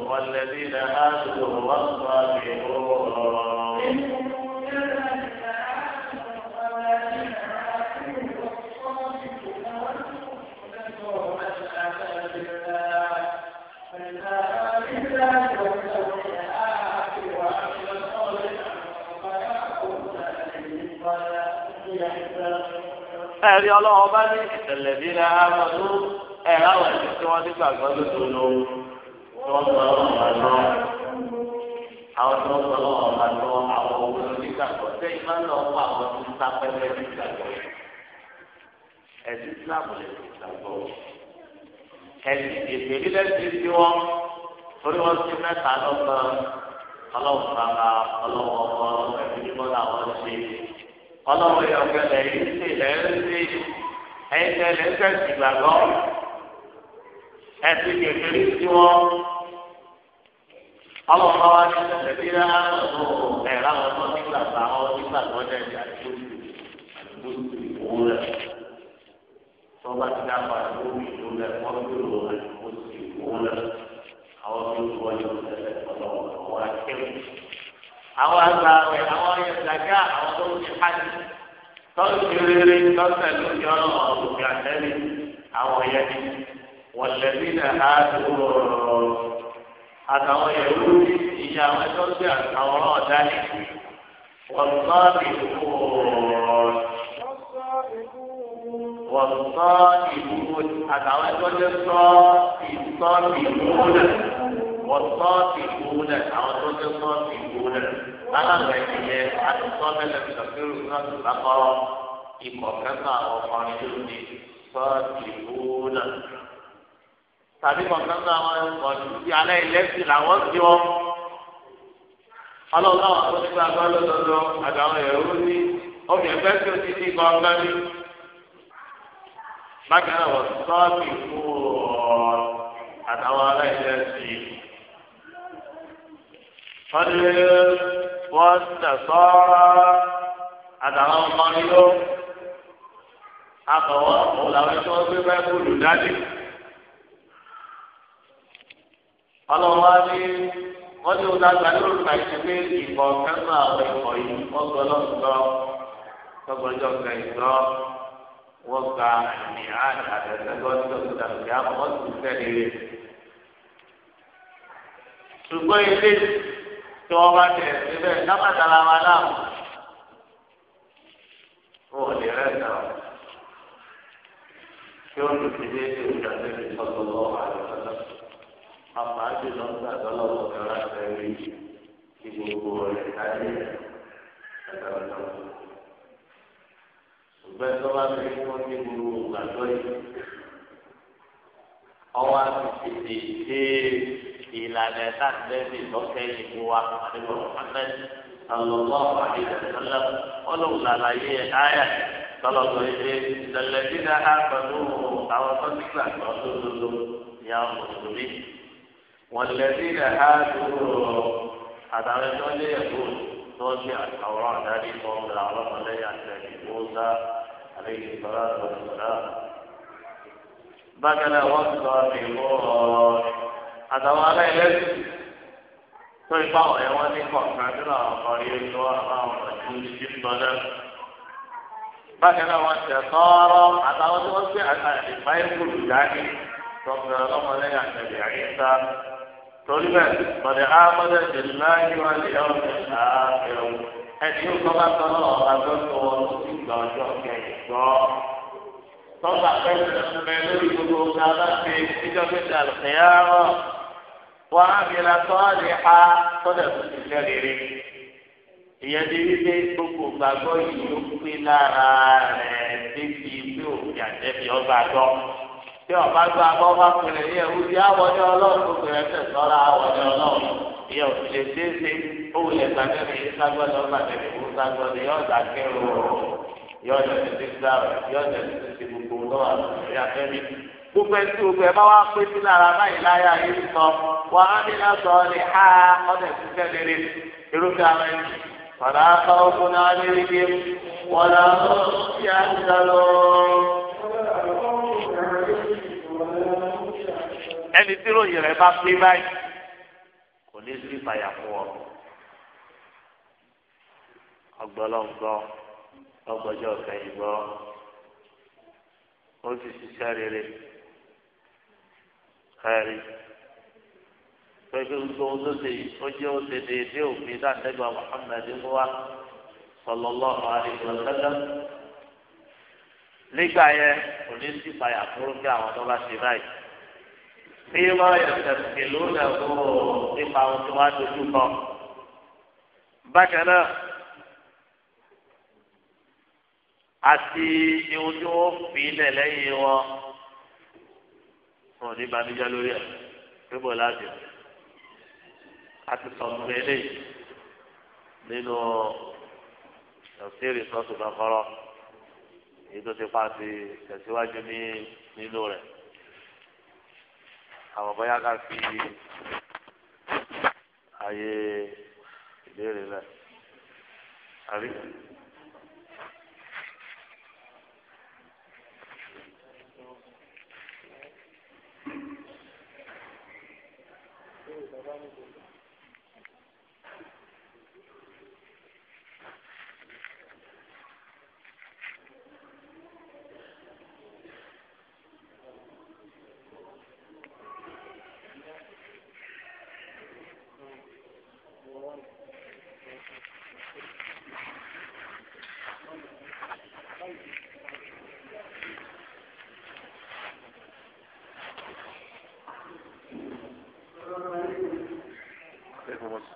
wọ́n lẹ́bí náà á lò wọ́n sọ àgbẹ̀ ìwọ́ ọ̀rọ̀ ẹ̀rí ọlọ́wọ́ bá ní ìṣẹ̀lẹ̀ bí ní amadu ẹ̀rọ àwọn ẹ̀sìn tí wọ́n ti gbàgbọ́ lóṣù ló wọ́n sọ ọlọ́wọ́ bá lọ àwọn tí wọ́n sọ ọlọ́wọ́ bá lọ àwọn owó lórí gbàgbọ́ sẹ́yìn máa ń lọ fún àwọn tó ń ta pẹ́pẹ́ ní gbàgbọ́ ẹ̀sìn Ìsìlámù lè fi gbàgbọ́ ẹ̀sìn ìgbèrí lẹ́sìn tí wọ́n torí wọ́n ti mẹ́ta lọ́gbọ́n ọlọ́wọ́ ọlọ́run yọ ọ̀gẹ́lẹ̀ yìí ṣe lẹ́ẹ̀ṣẹ̀ ẹ̀yin tẹ̀lé ń tẹ̀sí gbàgbọ́ ẹ̀sìn kékeré sí wọn ọlọ́run bá wá ní ẹ̀sẹ̀ bí rárá ọ̀hún ẹ̀rọ àwọn ọmọ nígbà bá wọn nígbà tó ń dẹ̀jẹ̀ àdúgbò ìwò rẹ̀ tó bá ti dá pa àdúgbò ìwò rẹ̀ wọ́n ti lò àdúgbò ìwò rẹ̀ àwọn tó ń wọlé ọ̀sẹ̀ lẹ̀ ọlọ́run ọ̀wá kẹ́rù àwọn agbáwẹ̀ àwọn yẹ̀dàgá àwọn tó ń fi hajj tọ́lù kéré lọ́sẹ̀ lórí ọ̀nà ọ̀gbìn àtẹ́lẹ̀ àwọn yẹn wọ́n lẹ́bí náà á àtàwọn yẹ̀wò ìyá àwọn tó ń àwọn ọ̀dá yìí wọ́n tọ́ ìlú wọ́n tọ́ ìlú àtàwọn tó ń gbé ìtọ́ ìlú náà wọ́sọ́ọ̀tì ìgbóhùnà àwọn tó ń tẹ́ sọ́ọ̀tì ìgbóhùnà alága ìdíyẹ àtúntọ́mẹ́lẹ̀ ìdọ̀kẹ́rù sọ́ọ̀tì lápárọ̀ ikọ̀ kẹta ọkùnrin tó ní sọ́ọ̀tì ìgbóhùnà. tàbí kọ̀ọ̀kan náà wọn kọ̀ sí alẹ́ ìlẹ́sìn làwọn ti wọn. ọlọ́run náà tó nígbà tó lọ́dọọdọ àtàwọn ẹ̀rọ ní omi ẹ̀fẹ́ tí ó ti ní kọ̀ọ̀kan ní. حجر والنصارى àtàwọn ọmọ ní ló akọ̀wọ́ òun làwọn tí wọ́n gbé báyìí lù dájú. ọlọ́wọ́ á ní wọ́n ní ọ̀dà àgbà lórí ìpàdé pé ìkọ̀ kẹ́kọ̀ọ́ àwọn ìkọ̀ yìí wọ́n gbọ́ lọ́sọ̀rọ̀ tọgbọ́jọ́ ga ìgbọ́ wọ́n ga àmì àtàtẹ́gbọ́ tí wọ́n ti dàgbé àwọn ọ̀sùn fẹ́ẹ́ lè. ṣùgbọ́n ilé tí wọ́n bá tẹ̀ síbẹ̀ lápàtàlà máa láàmú. Wọ́n ò lè rẹ̀ sá. Kí ó lù sí ilé ìlú ìjọba ìlú ìfọ̀tò lọ́wọ́ àlùfáà. Àpá jù lọ ń gbàgbọ́ lọ́wọ́ ìjọba ìfẹ́ rí kí rẹ̀ káyé ẹ̀dọ̀dọ̀. Ṣùgbọ́n tó bá fi wọ́n ní gbogbo ìgbàgbọ́ yìí. Ọwọ́ àti tètè dé ìlànà sáàtìlẹ́sì lọ́kẹ́ ìbò wa àdìgbò mohammed sallallahu alayhi wa sallam ọlọ́run làlàyé ayà tọ́lọ́tọ̀ ilé ìdàlẹ́bí náà á pẹ̀lú àwọn tó ti gbà tó lódodo ní àwọn mùsùlùmí. wọ́n lẹ́bí náà á dúró àtàwọn ẹ̀tọ́ ilé ẹ̀kọ́ tó ń ṣe àtàwọn àdáni kan gbà ọlọ́mọlẹ́yìn àtẹ̀lẹ́ ìgbóhùnsá àtàwọn ará ẹlẹ́sìn tó ipá ọ̀rẹ́ wọn ní kọ̀ọ̀kan nínú àwọn ọmọ yìí tó àwọn ọ̀rọ̀ tí ó ti lọ náà. bákan náà wọ́n ṣe sọ́ọ́rọ́ àtàwọn tí wọ́n ṣe àtàlẹ́ báyìkùlù dání tọ́kùnrin ọlọ́mọlẹ́yìn àtẹ̀lẹ́ àyíká torí bẹ́ẹ̀ bọ̀dẹ̀ ámọ́lẹ̀ ìdìláyé wọn lè yọ ọ́ ẹni yóò tọ́ba tọ́lọ́ ọ̀la tó tó wọn tó ti gbà ọjọ́ kẹyìn gbọ́. tọ́ba pẹ́ẹ́sì ẹ̀ lórí gbogbo ọ̀gá bá ti ìjọba ìdàlùkẹ́yà rọ̀ wọ́n á fi la sọ́ọ̀lì ha tọ́lẹ̀ tó ti fẹ́ rere. ìyẹn ti rí pé gbogbo gbàgbọ́ yìí ló pé lára rẹ̀ débi pé òkè àtẹ́bí ọba gbọ́. bí ọba gbọ́ abọ́ bá pinnu yẹ wúdi àwọ̀dé ọlọ́run gbogbo rẹ̀ tẹ̀ sọ́ra àwọ̀dé ọlọ́run. ìyẹn ò lè déédé owó lè gbàgbẹ́rẹ́ yìí ságbọ́dọ̀ ọba tẹ̀lé fún ságbọ́dọ̀ yọ ọ̀dà yọ ọ̀dà gbogbo ẹni tí gbogbo ẹ bá wá pé sí lára báyìí láyà yìí sọ wà á ní lásọ ní ha ọdẹ tó tẹlẹ rẹ irúfẹ́ àwọn ẹni fàdà bá ogun náà lérí bí wọn là ó yà ń lọ. ẹni tí ròyìn rẹ bá pé báyìí kò ní sí ìfàyà fún ọ ọgbọlọgbọ ọgbọjọ kẹyìn gbọ ó sì ṣiṣẹ́ rere ẹ̀rí pẹ̀lú ohun tó ṣe ó jẹ́ ó ṣe déédé òfin dáńdẹ́gbà Muhammad wá sallallahu alaihi wa sallam nígbà yẹn kò ní sí ìpayà fúnrú kí àwọn tó bá ṣe báyìí bí wọ́n yẹ̀sẹ̀ pẹ̀lú ẹ̀kọ́ nípa ohun tó wá dojú kọ. bákan náà àti ohun tí wọ́n fi ilẹ̀ lẹ́yìn wọn wọn ò ní banújẹ́ lórí ẹ̀ pébò láti a ti sọ fún eléyìí nínú ọ̀sẹ̀rì sọ́ọ̀tù lọ́kọ́rọ́ èyí tó ti pa ti tẹ̀síwájú ní nínú rẹ̀ àwọn bóyá ká fi àyè ìbéèrè rẹ̀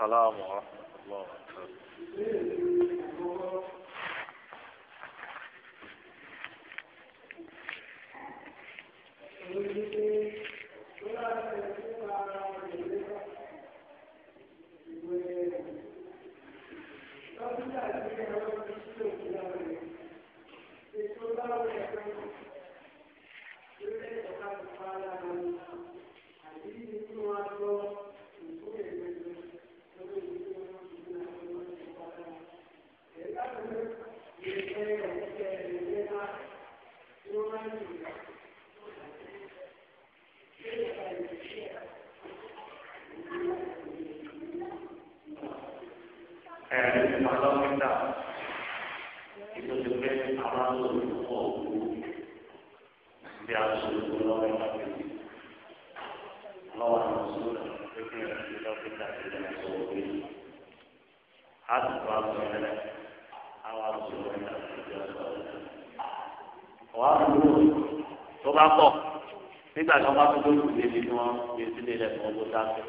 拉我。dọ́kítà ètò ti pé àwọn aṣòfin kọ̀ òkú bí aṣòfin lọ́wọ́ ẹ̀ka pẹ̀lú lọ́wọ́ àwọn sódà pépé àti dọ́kítà ti dẹ̀ sọ òkú a ti tó aṣọ ẹ̀rẹ́ àwọn aṣòfin ẹ̀ka pẹ̀lú aṣọ ẹ̀rẹ́ ọ̀wá àbúrò tó bá pọ̀ nígbà tí wọ́n bá tó lóṣù débi tí wọ́n gbé sílé rẹ̀ fún ọgbọ́n dáàbò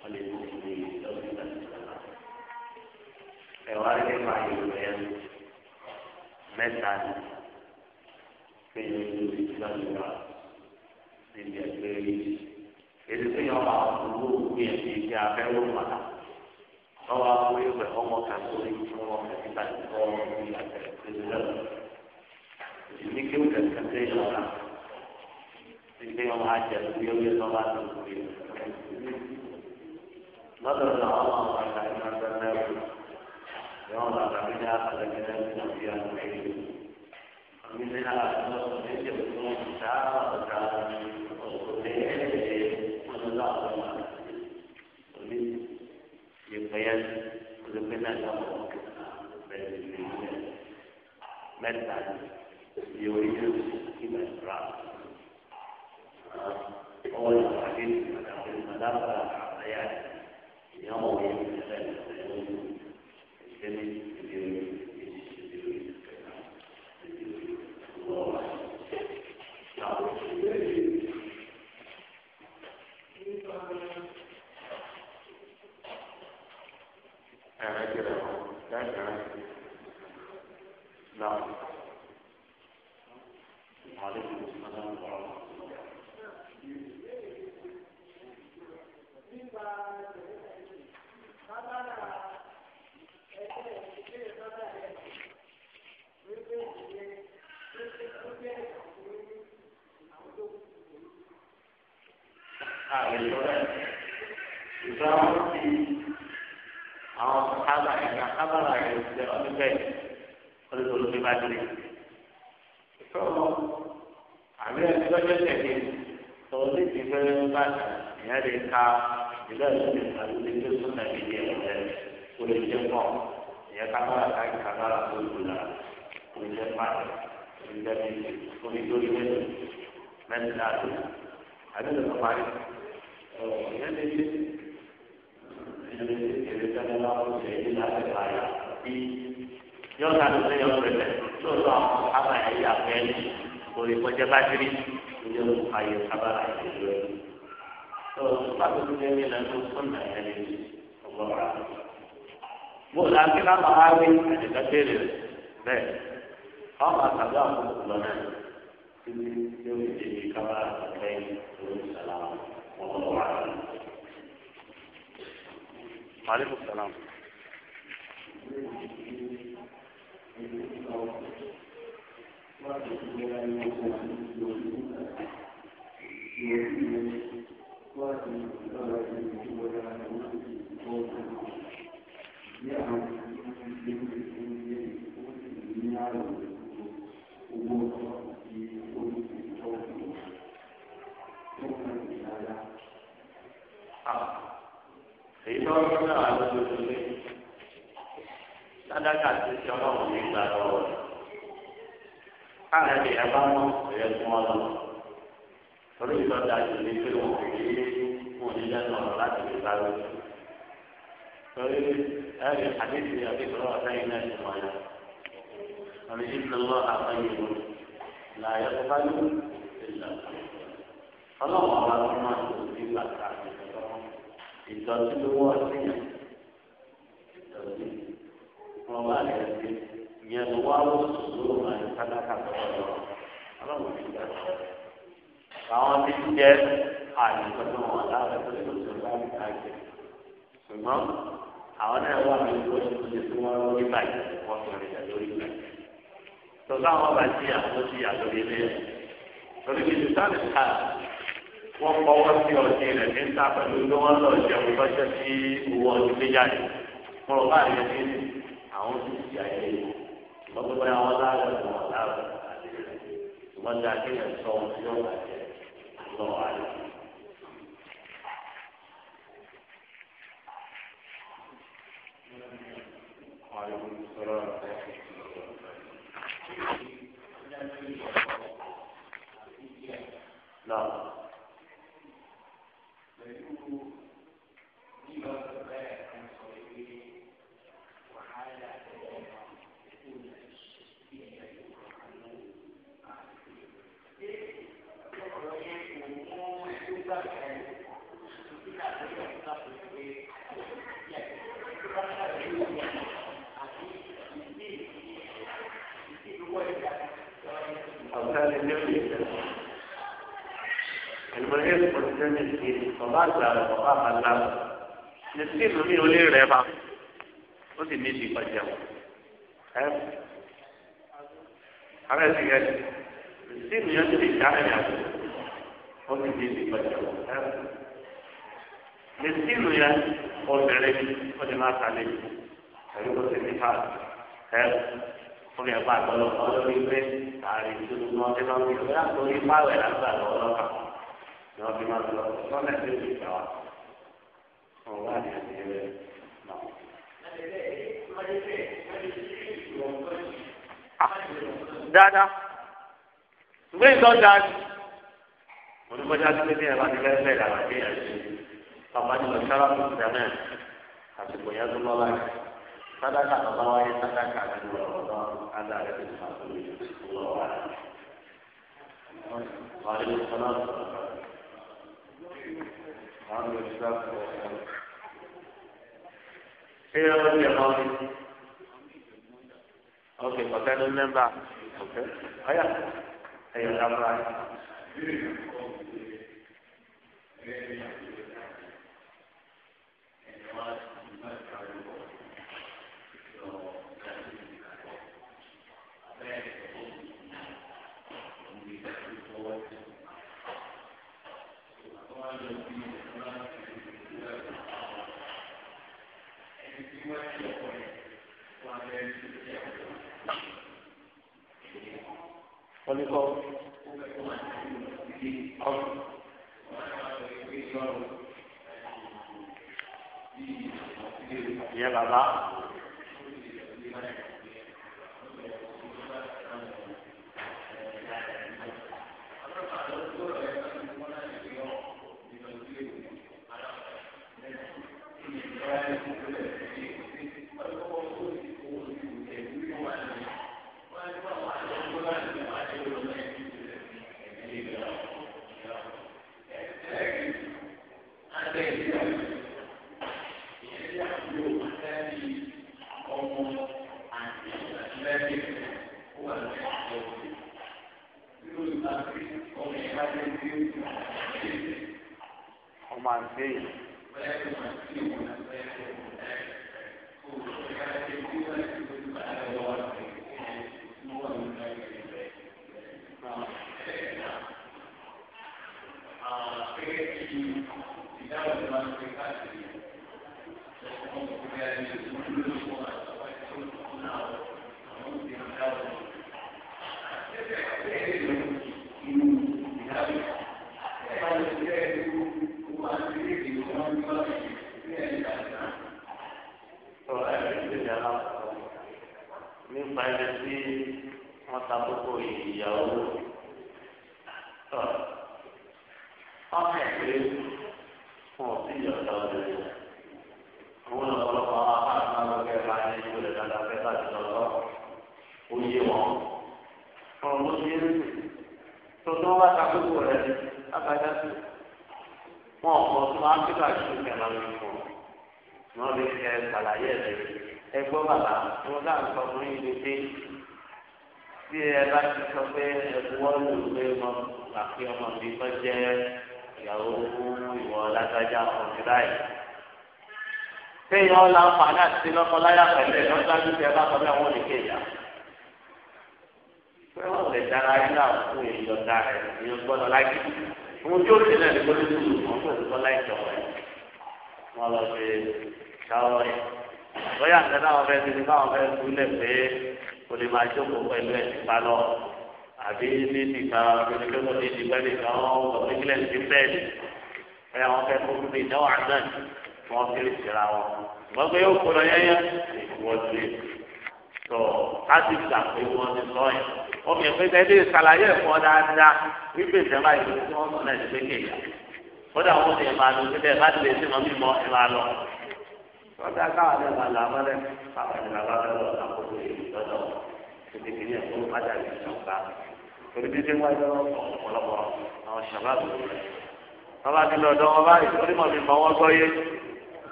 wọ́n lè lóṣù ẹ̀wá nípa ìwé ẹ̀ mẹ́ta ni pé ní ìlú ìgbàlùwà níbi ẹgbẹ́ yìí èdè tó yàn wà owó òkú yẹn ti di abẹ́wò padà lọ́wọ́ àwọn ewé ọmọ kan tó ní fún wọn kàtí láti fọ́ ọmọ ní àtẹ̀lẹ́sẹ̀ lọ́wọ́ ìdílé kéwù kẹ̀kẹ́ tó yàn wà ìdílé wọn á jẹ ìdílé wọn lọ́wọ́ àti ìdílé lọ́dọ̀ làwọn ọmọ àgbà ìgbà ووضع بها خلقنا من فيها معين ومنها نصف يكون ساعة وكان يبين ولبنا له مثلا يريد كما يقرأ أول حديث المدافع عن الحياة يوم يوم Ele ààrẹ ti àwọn sábà ẹ̀ka sábàlà rẹ̀ ṣe ọdún bẹ́ẹ̀ ọdún tó lóbi bá dé. ìfẹ́ ọmọ àmì ẹni lọ́jọ́ tẹ̀lé tó lè ti bá ìyá lè ka ìdílé ìdílé àti ìdílé tó nà ní ìdílé ẹ̀ kó lè jẹ́ pọ̀ ìyá kábàlà ká kábàlà tó lù là kó lè jẹ́ pàdé kó ìyẹn lè ṣe ìyẹn lè yọ ká ló lé ọ̀rẹ́ rẹ̀ tó lọ àwọn sábà yà fẹ́ orí kọjá bá kiri ìyẹn ló fa yẹ sábà rà yẹn lọ yẹn tó pàtó tó lé ní lẹ́nu fúnà yẹn lè ṣe ọgbọ́ra. bó o wí àdìgbà tẹ̀lé rẹ̀ bẹ́ẹ̀ ọmọ àtàgbà fún ọ̀gbọ́n náà títí tí ó fi dé ibi maaleykum salaam. Yeah. lọ́wọ́ náà lójoojúmọ́ ní sádàkà ti ṣe ọlọ́run ní ìgbà lọ́wọ́ rẹ̀ káàrà ni ẹ bá mọ ẹ̀yẹ fún ọ lọ torí ìtọ́jà jù ní pé wọn kò ní wọn ní lẹ́nu ọ̀rọ̀ láti lè bá lọ torí ẹ̀rí àdéhùn àdéhùn ọ̀rọ̀ sẹ́yìn náà ti mọ̀ ẹ́ wọn ní ìdílé lọ́wọ́ àbáyé wọn là yẹ kó bá lù ìlà ọlọ́wọ́ ọ̀la tó máa ń lò ní ìgbà káàkiri ìdọ̀tí ló wọ́ sí yẹn ìdọ̀tí wọn bá lè ṣe ìyẹn ló wá ló sòrò máa ń sálákà lọ́wọ́ lọ ọlọ́run ti gbà tó. àwọn ti jẹ́ àyùkọ́tọ̀ wọn láwọn ẹgbẹ́ tó ti bá mi ká jẹ ṣùgbọ́n àwọn náà wà ní ìlú oṣù tó ti fún wọn lórí báyìí wọ́n fi rìn lórí báyìí. tọ́lá wọn bá jí àwọn tó ti yà lórí ilé yẹn lórí ibi tó wọ́n kọ́wọ́ sí ọ̀sẹ̀ rẹ̀ ní ta pẹ̀lú pé wọ́n lọ ṣẹ̀wọ̀n lọ́sẹ̀ sí owó ọdún méjàdì fún ọba rẹ̀ ní àwọn tó ti àyè wọ́n tó bá wọn láàrọ̀ tó wọn láàrọ̀ àti rẹ̀ ṣùgbọ́n ní akéèyàn sọ ohun tí wọ́n bàjẹ́ lọ́wọ́ àlẹ́. No pẹ̀lú bíbá ọ̀gá ẹ̀ kan sọ pé wàhálà ẹ̀rọ ètò ìrìnàjò bí ẹ̀yà yóò kàn án àti ṣé ọ̀rọ̀ yẹn kò mú ẹ̀dùn gbà ẹ̀ sí àgbẹ̀yẹ̀ ọ̀gá pé pé yẹ kí wọ́n bá yẹ kí wọ́n àti ìdí ìdí ìdí ìdúgbò ìdá. Ọ̀gá ni ló ń yẹ. المريض قدام الدين فضعت على فقاها الله نسيب مين ولي ريبا وسي ميشي فجاو خير هذا سيجد نسيب يجري كائنا وسي ميشي فجاو خير نسيب يا قول عليك قول ما عليك خير وسي ميحال خير قول يا بعض الله قالوا لي بين تعالي تسلموا تمام يا بعض قولي ما ولا بعض الله ni wọ́n fi máa lọ lọ́nà tí ó lè gbà wá. Wọ́n wá ní ẹ̀sìn rẹ̀ náà. Dáadáa. Ṣùgbọ́n ìtọ́ dáa ni. Mo ní kọjá sí pé ẹ̀rọ àti bẹ́ẹ̀ bẹ́ẹ̀ làwọn ẹgbẹ́ yẹn ṣe. Bàbá ní lọ sára fún ìgbà náà. Àsìkò yẹn tó lọ́la yìí. Sádàkà bàbá wáyé sádàkà àti àwọn ìṣúra fún ọ̀sán. ṣé yẹn ló ń jẹ ok kọ̀tẹ́ ló mẹ́mbà ọ̀kẹ́ oníkọ́ ìyẹn bàbá. lẹ́yìn. wọn bá sàkóso rẹ ni abàdá sí wọn ọkọ tó máa ń bí bá ṣe kẹlẹ wọn fún un wọn lè kẹ gbàlàyé rẹ ẹgbọ́ bàbá wọn dà ń sọ fún yín ní pé tí ẹ bá ti sọ pé ẹgbọ́ ló ń gbé wọn àfi ọmọ mi kọ́ jẹ́ ìyàwó fún ìwọ lágbájá ọ̀gbìn báyìí téèyàn ọ̀la àti lọ́kọ láyà pẹ̀lú ẹ̀ lọ́sọ́dún tí ẹ bá sọ bẹ́ẹ̀ wọ́n lè kéèyàn fẹ́ràn lè dára nínú àkókò ìyọ̀dá rẹ̀ èèyàn gbọ́dọ̀ láyé òun tí ó náà nígbó nínú ìwọ̀n tó ń bọ́ láì jọ rẹ̀ wọ́n lọ ṣe ṣáwọ́ rẹ̀ lọ́yà ń tẹ́lá ọ̀fẹ́ ti ní káwọn fẹ́ kúlẹ̀ pé kò lè máa jókòó pẹ̀lú ẹ̀ nípa lọ àbí ní nìkan oníkẹ́kọ̀ọ́ ní ìdìbẹ́ nìkan wọ́n wọ̀ nígbìlẹ̀ ní bẹ́ẹ̀lì ẹ̀yà wọn fẹ́ kókó ní ìdáwọ̀ àná wọ́n kéré síra wọn. ìgbàgbé yóò kó lọ yẹ́yẹ́ ìwọ́dúnrún tó a ti gbà pé wọ́n ti sọ yẹn wọ́n fi ẹgbẹ́ tẹ́ ilé ṣàlàyé ẹ̀kọ́ dáadáa wípé ìjọba ìlú tí wọ́n sọ náà ti gbé kéèyà kódà wọ́n ti máa lò síbẹ̀ láti lè sí wọn bí mọ́ ẹ máa lọ. lọ́dà káwọn ẹ̀ máa là á mọ́lẹ̀ káwọn ẹ̀ máa lọ àkókò yìí lọ́dọ̀ tètè kìíní ẹ̀kọ́ padà lè ṣàǹfà torí bí sẹ́wọ́n ọ̀pọ̀lọpọ̀ àwọn ṣàbáàbò rẹ̀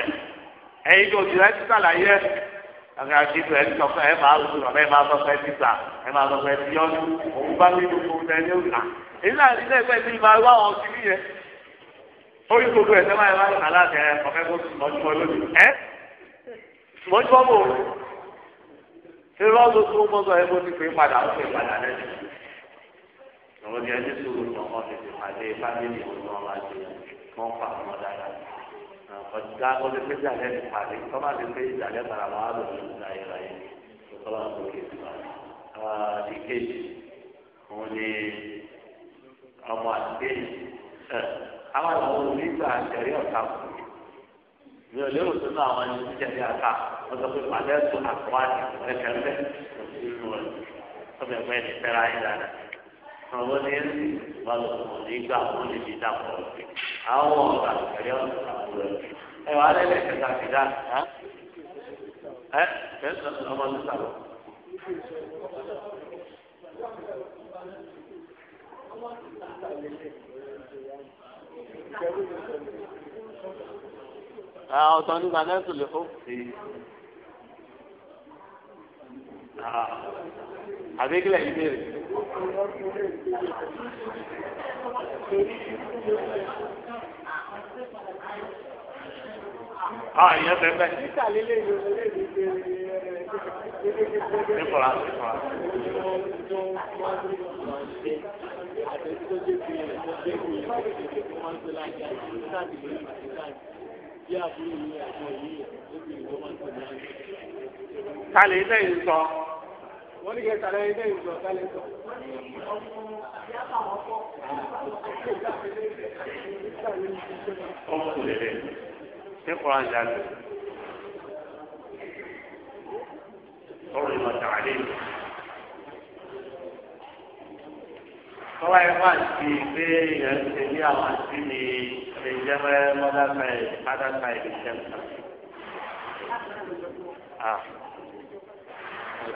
lọ́ba ẹ̀yin tó ti rẹ̀ ti sàlàyé àgbà àdìgbò ẹ̀ sọ ẹ̀ máa lù ọ̀nà ẹ̀ máa sọ fẹ́ ti gbà ẹ̀ máa sọ fẹ́ ti yọ́nú òun bá wí gbogbo ọ̀nà ẹ̀ lóla èyí náà ní ẹgbẹ́ mi máa wá wọn ti yẹ orí gbogbo ẹ̀ sẹ́wọ́n ẹ̀ máa lọ́nà láti ẹ̀ ọ̀fẹ́ kó mọ̀júmọ́ lónìí ẹ̀ mọ̀júmọ́ bò ó ṣé lọ́ọ́ ló tún mọ́ sọ ẹ̀ bó ti pè padà ó pè é padà lẹ́yìn ọ̀rọ̀ ni ẹni sọ̀rọ̀ ọmọ tètè pàdé fámìlì ọ̀nà ọ̀la jẹ́ ọ̀gá ọdẹ pé ìjàlẹ̀ ti pàdé tọ́ba ti pé ìjàlẹ̀ para wọn á lò ní ìgbà ìrà yìí tọ́ba tó kè sí wa. ìkejì òun ni ọmọ àti àwọn àwọn onígbà àjẹrí ọ̀tá kù àwọn ní ẹsẹ̀ wà lọ́kùnrin nígbà wọn lè fi dàpọ̀ ọ̀sẹ̀ àwọn ọ̀gá ìkẹlẹ́ ọ̀sẹ̀ àbúrò ẹ̀ wà lẹ́lẹ̀ kẹta fi dá ẹ ẹ ọmọ ní sàlọ. ọ̀tọ̀ nígbà náà tó lè fún àbíkílẹ̀ yìí béèrè. Ah, ìyẹn fẹ́ bẹ́ẹ̀. Nípòrá, nípòrá. Kálí ilé ìsọ wọ́n ní kẹta lẹ́yìn lẹ́yìn ìjọ kálẹ̀ sọ. ọmọ kò ṣé kọ́ ajá lè ọ̀rọ̀ ìmọ̀ tàà lè lè. tọ́wọ́ wá sí pé èèyàn ṣe ní àwọn àti ní ìjẹ́mẹ́ mọ́dákà ẹ̀ pátákà ẹ̀ máa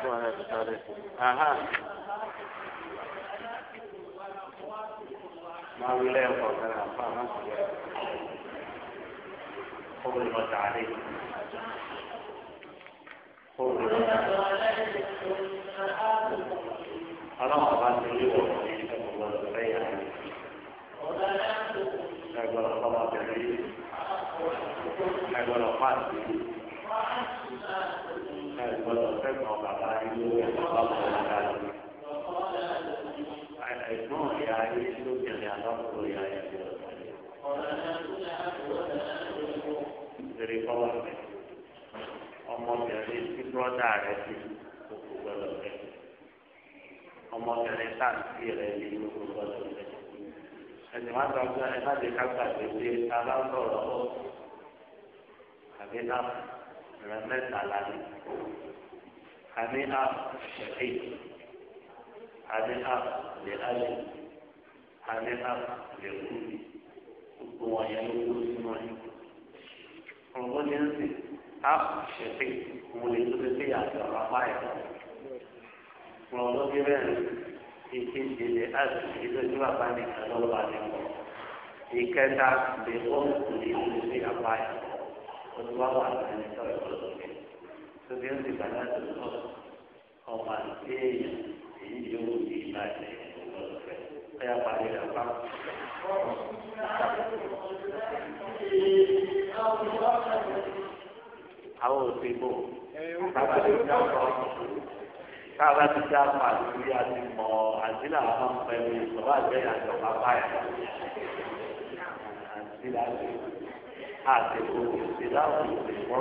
wí ti rí gbọ́dọ̀ fẹ́gbọ́n bàbá yìí ló yẹ kó bàbá wọn ká lọ. ẹ̀gbọ́n ìyá yìí ló jẹ̀lẹ̀ àlọ́kùnrin ìyá yìí ló jẹ̀lẹ̀. ìṣeré kọ́wọ́ rẹ̀ ọmọbìnrin tí bọ́dà rẹ̀ ti kókó gbọ́dọ̀ fẹ́. ọmọbìnrin táǹtì rẹ̀ ni kókó gbọ́dọ̀ fẹ́. ẹ̀sìn wá sọ pé ẹ má ti ká gbàgbé pé aláǹtọ̀ lọ́wọ́ àbí náà rẹ mẹ́ta lálẹ́ àní a ṣẹ̀fì àní a lè alẹ́ àní a lè kú gbogbo wọn yẹn ló kú sínú ẹ̀ ọ̀rọ̀ ní ń sìn a ṣẹ̀fì òun lè tó tẹ́tẹ́ àti apá ẹ̀ ọ̀rọ̀ ló dé bẹ́ẹ̀ ìṣe ìṣẹ̀lẹ̀ àti ìṣẹ̀lẹ̀ tó bá bá nìkan lọ́wọ́ ìkẹta lè kọ́ òun lè apá ẹ̀. والله أعلم أن سبيل بنات الأرض هم أنتين يجوا في ماده يا قليل الأرض àwọn òṣèlú bàbá tó dá ọkọ káàbá ti dá ọkọ àti àti mọ àdílà àwọn pẹ̀lú ìṣòro àgbẹyàjọ bàbá yà àdílà àgbẹyàjọ àtẹ̀kù ìdáhùn ìgbìmọ̀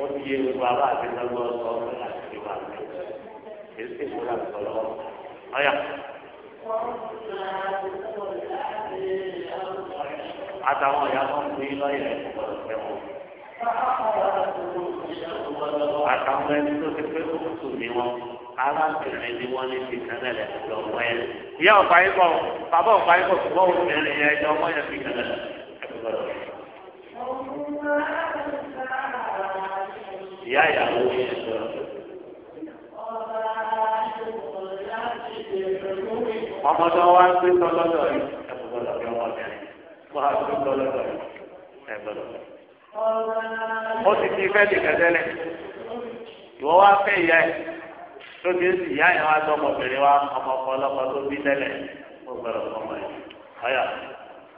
ó ti yé gbogbo àbá àtẹ̀kù ọ̀sán ọ̀sán àti ìwà rẹ̀ kì í sì múra sọ̀rọ̀ ọ̀yà. àtàwọn ọ̀yà kan fún yín lọ́yẹ̀ ọ̀rọ̀ ẹ̀wọ̀n. àtàwọn ẹni tó ti pé kókòtò ni wọn arábìnrin ni wọn ní fìkànnà lẹ lọ wọ ẹ ìyá ọ̀pá yín bọ̀ bàbá ọ̀pá yín bọ̀ ṣùgbọ́n obìnrin yẹn ẹjọ́ ọmọ yẹn fìkànnà lẹ lọ ìyá ìyàwó yẹn sọ. ọmọdé wa ń gbé tọ́lọ́dọ̀ yìí ẹ gbọ́dọ̀ bí ọmọ bẹ̀rẹ̀ wọ́n á gbé tọ́lọ́dọ̀ yìí ẹ gbọ́dọ̀ bẹ̀rẹ̀. ó ti fi fẹ́ nìkan tẹ́lẹ̀ ìwọ wá fẹ́ ìyá ẹ̀ tó ti sì ìyá ìyá wa tọ́ ọmọbìnrin wa ọmọ ọkọ ọlọ́kọ tó bí tẹ́lẹ̀ ó gbọ́dọ̀ fọmọ ẹ̀ ọ̀yà.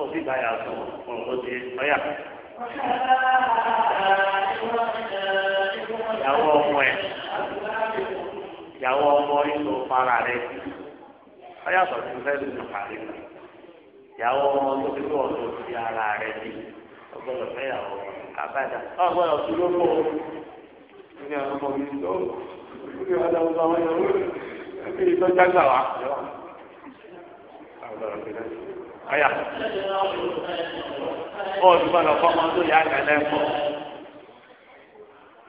ó sì bá yà sọ ọ̀rọ̀ tó ṣe ọ̀yà. ìyàwó ọmọ ẹ̀ ìyàwó ọmọ ìlú para rẹ̀ ọ̀yà sọ fún fẹ́ẹ́ lùdù kàrí ìyàwó ọmọ tó fi wọ́n tó fi ara rẹ̀ bí ọgbọ́dọ̀ fẹ́ yàwó àbájá ọgbọ́dọ̀ tó ló mọ̀ ní ọmọ mi tó ní wàá dáhùn bá wọn yàwó ẹ̀mí ìtọ́jà gbà wá ọ̀yà bọ́ọ̀lù gbọ́dọ̀ fọ́ ọmọ tó yà á kẹlẹ́ fọ́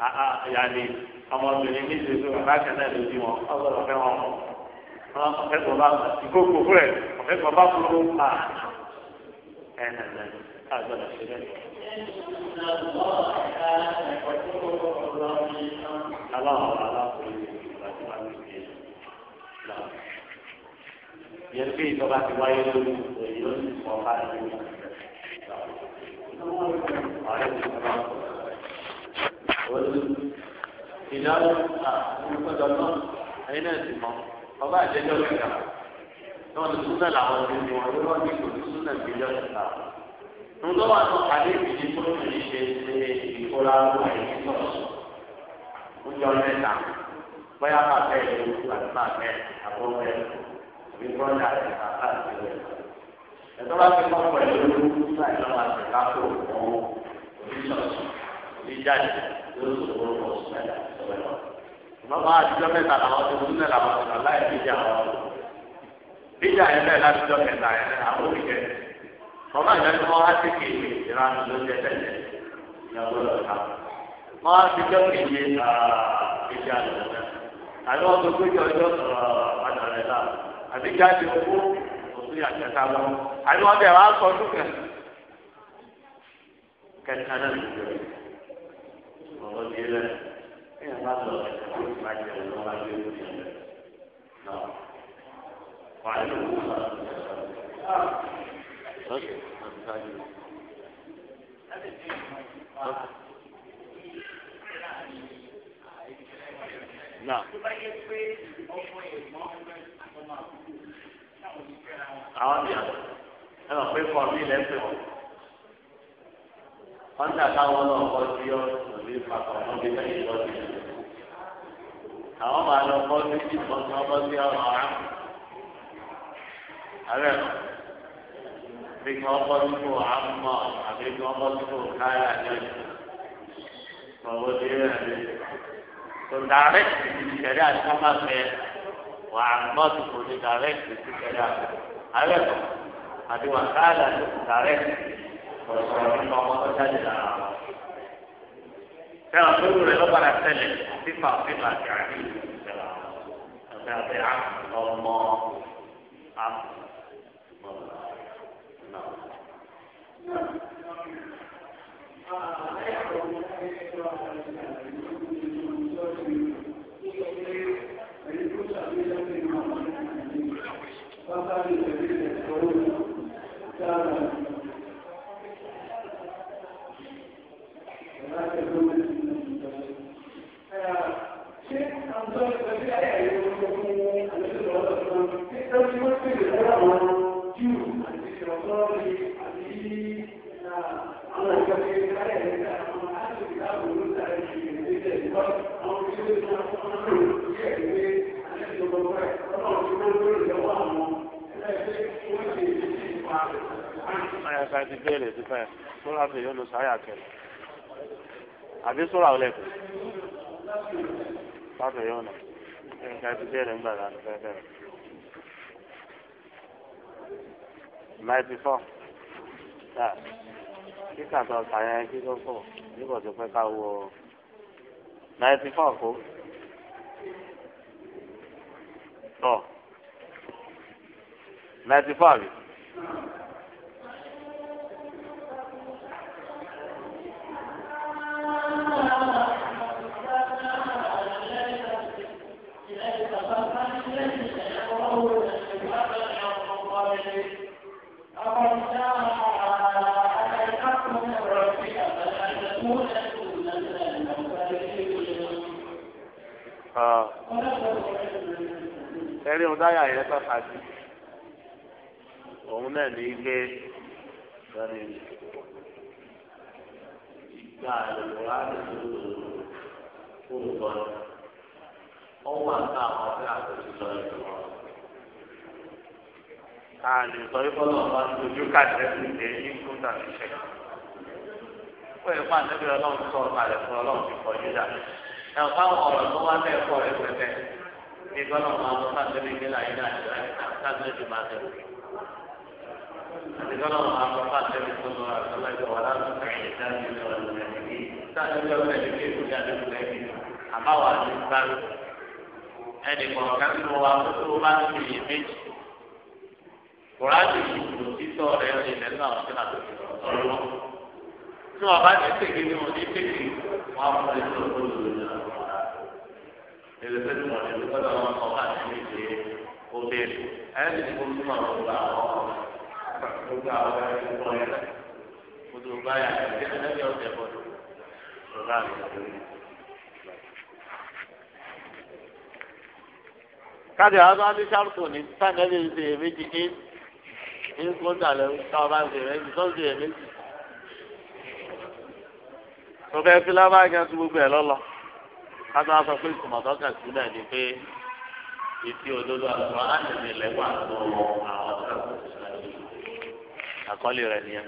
ah, ah, yàní ọmọbìnrin mi ṣe sọ bàbá kẹlẹ́ ló bí wọn ọgbọ́dọ̀ fẹ́ wọn wọn ọ̀fẹ́ bá ìkókò rẹ̀ ọ̀fẹ́ kò bá kúrò pa ah. ẹ̀ ẹ̀ ẹ̀ àgbọ̀dọ̀ ṣe bẹ́ẹ̀. aláwọ̀ aláwọ̀ ìgbà tí wọ́n ń gbé náà yẹn bí ìjọba ti wáyé lórí èyí ló ti sọ ọba ní ìlú. olú ìdáwó àkókò náà náà ti mọ ọba àjẹjọ́ ìgbà náà ní súnà làwọn ọdún wọn ló ní kò ní súnà ìgbìyànjú ìgbà nǹkan wà tó kàdé ìdí tó ń fi ṣe ṣe ìkóra ọmọ yìí tó ń jọ mẹ́ta bóyá bàbá ẹ̀ ló ń gbà bàbá bí bọ́ọ̀dà àti bàbá àti ìwé ẹ̀tọ́ bá fi kọ́ pẹ̀lú nígbà tí wọ́n ti kápò oníṣọ̀ọ̀ṣì oníjáde yóò tó kó lọ sí ẹ̀dá ìṣọ̀rọ̀ lọ. àtijọ́ mẹ́ta làwọn ti múlẹ̀ làwọn ti lọ́la ẹ̀ níjà wọn. níjà yẹn bẹ́ẹ̀ látijọ́ mẹ́ta yẹn àwọn òkè mọ̀mọ́ ìjọ ni wọ́n á ti ló jẹ tẹ̀lé ìyàwó lọ́ta. wọ́n àbí jáde owó òsì àjẹta lọ àbí wọn bẹ wàá sọ dúkẹ kẹta náà lè jẹ ọ̀rọ̀ di lẹ ẹ̀yìn bá lọ ẹ̀jẹ̀ tó ti máa jẹ ọ̀rọ̀ wá lé lórí ẹ̀ náà wàá lè wú wá lọ́sẹ̀ àwọn ni ẹ lọ pé kọ́ mi lẹ́sẹ̀ wọn. wọ́n ní àtàwọn náà kọ́ sí ọ́ lórí papọ̀ wọn bí lẹ́yìn lọ sí ẹ̀. àwọn máa lọ kọ́ sí ìbọn tí wọ́n bọ́ sí ọ̀rọ̀ ọ̀rá. àbẹ̀ bí wọ́n bọ́ sínú àmọ́ àbí wọ́n bọ́ sínú káyà lẹ́yìn. ọ̀wọ́ ti rẹ̀ lé. tòǹdà rẹ̀ ti di ìṣẹ̀lẹ̀ àti wà á nọ́ ti kò ní dàrẹ́tì sí kẹlẹ́ àárẹ̀ kọ́ àti wà káàdà ní dàrẹ́tì ọ̀sọ̀rọ̀ nínú ọmọ tó jáde lára wọn. Fẹ́ràn tó rú rẹ̀ lọ́gbàdà tẹ́lẹ̀ fífà fífà àti àdé ìṣẹ̀lẹ̀ àti àti ọmọ àmì Thank you. وصار سبيل الخروج كان شيخ أنصار الذي يقول أن الرسول في ترجمة القرآن جيو في رسول عليه أنا كثير من الناس أنا أعرف كتاب من تعرف من ذي الوقت أو من ذي الوقت أنا أعرف كتاب من ذي الوقت أنا أعرف كتاب من ذي الوقت ẹ ká ti béèrè sífẹ́ tó yóò lọ sáyà kẹlẹ̀ àbí sóra ò lẹ́kọ̀ọ́ pàtó yóò nà ẹ ká ti ńgbà láti ninety four kíkà tó yẹn kí pọ̀ nígbà tó ká wọ ninety four kó ninety four ẹrí ohun táyà yẹn tọ́ka sí òun náà ní pé lọ́nà ìgbà àlùkòrá nínú olùkọ́ ọwọ́ àti àwọn ọ̀fẹ́ àtúntò lọ ìgbà káàlì sọ wípé ọlọ́run bá ń kàtẹ́ sí ìdè yín kó tàbí ṣe. ó àtẹ́bí ọlọ́run sọ̀rọ̀ kalẹ̀ fún ọlọ́run ti kọjú dà. ẹ̀ ọ̀rọ̀ tó wá bẹ́ẹ̀ kọ́ ẹ̀ pẹ́pẹ́ ní gbọ́dọ̀ máa lọ sáà lẹ́nu ìgbélé ayé náà ṣe láti sáà lẹ́nu ìgbà tẹ̀lé. àti gbọ́dọ̀ máa lọ sáà lẹ́nu ìgbélé ayé náà ṣe wà láti sáà lẹ́nu ìgbélé ayé náà ṣe sáà lẹ́nu ìgbélé ayé náà ṣe wà láti sáà lẹ́nu ìgbélé ayé àbáwá ti ń sáré ẹnì kọ̀ọ̀kan tó wà tó bá ti yè méjì kùránì ìlú títọ́ rẹ̀ rìn lẹ́nu àwọn tí wọ́n ti sọ̀rọ̀ tí wọ́n bá ti tèké ní wọn ní tèké wọn á fún ẹ̀sọ́ tó lò lọ́wọ́ ẹlẹfẹ tó wọn lẹnu kọlọ wọn kọ ká ní ìdè ó ẹni tí kò tún wọn kó gbà wọn ẹni kọ yẹn kó tó bá yà ẹni ẹni ọsẹ bọ tó bá mi lórí. káàdì ní sànẹ́lì ṣe èméjì ní ní lẹ́nu káwọn bá ń ṣe èméjì tó ń ṣe fẹ́ fi lábàá yẹn tó gbogbo ẹ̀ lọ́lọ́ kátó wá sọ pé ìsùmọ̀tọ́kà sílẹ̀ ni pé ìfi òdodo àtúrọ̀ ánìmí lẹ̀ tó àwọn ọ̀tá àkọlé rẹ̀ nìyẹn.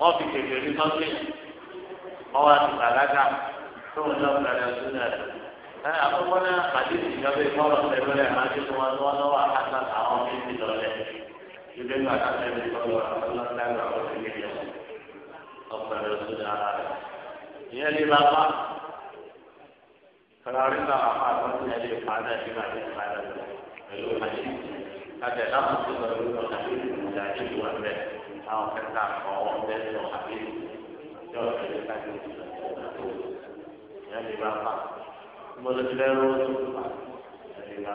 wọ́n fi kékeré lọ́sẹ̀ ọwọ́ àti bàlágà tó ń lọ bẹ̀rẹ̀ súnà rẹ̀. ẹ àkọ́kọ́ náà àdéhùn ìjọba ìfọ̀rọ̀ tẹ̀lé àti wọn ni wọn lọ́wọ́ àkàtà àwọn méjì lọ́lẹ̀. ìdílé ní àkàtà ìlú ìfọ̀rọ̀ ọlọ́dàgbà ọ̀sẹ̀ yẹn ọ̀bẹ̀rẹ̀ súnà rẹ̀. ìyẹn ní bàbá fẹ̀rẹ̀ náà àpá àtọ́sí ẹ̀ lè pa náà sí pẹ̀lú àyè kájẹ̀ láwọn tó lórí ọ̀nà àti ìwà bẹ́ẹ̀ àwọn kẹta kọ̀ ìjọ ìjọ kájú ìyá lè bá fà mo lọ sí lẹ́rú ìyá lè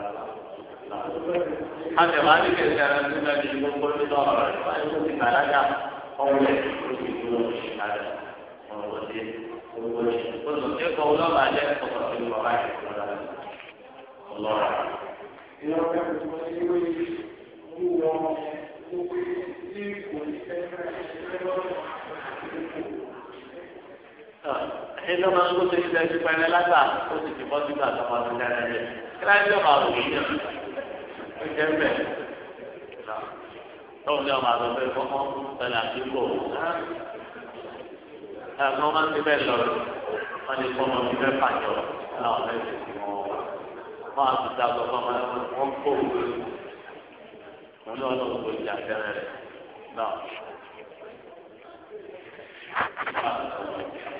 ẹni ọmọ ẹni tó ṣe ṣe ṣe pẹlẹ lágbà ó sì ti bọ́ síbi àtọmọ tó dára jẹ kíláàsì ọmọ àwọn òbí yẹn ó jẹ mbẹ tọ́wọ́n ní ọmọ àgbẹ̀fẹ́ fọ́fọ́ pẹ̀lú àdúgbò ẹ̀fọ́ máa ń ti bẹ́ẹ̀ lọ wọ́n ti fọ́ ọmọ mi fẹ́ fàjọ láwọn fẹ́ ṣe ti wọn wọ́n á ti ta ọkọ̀ fọ́mọ wọn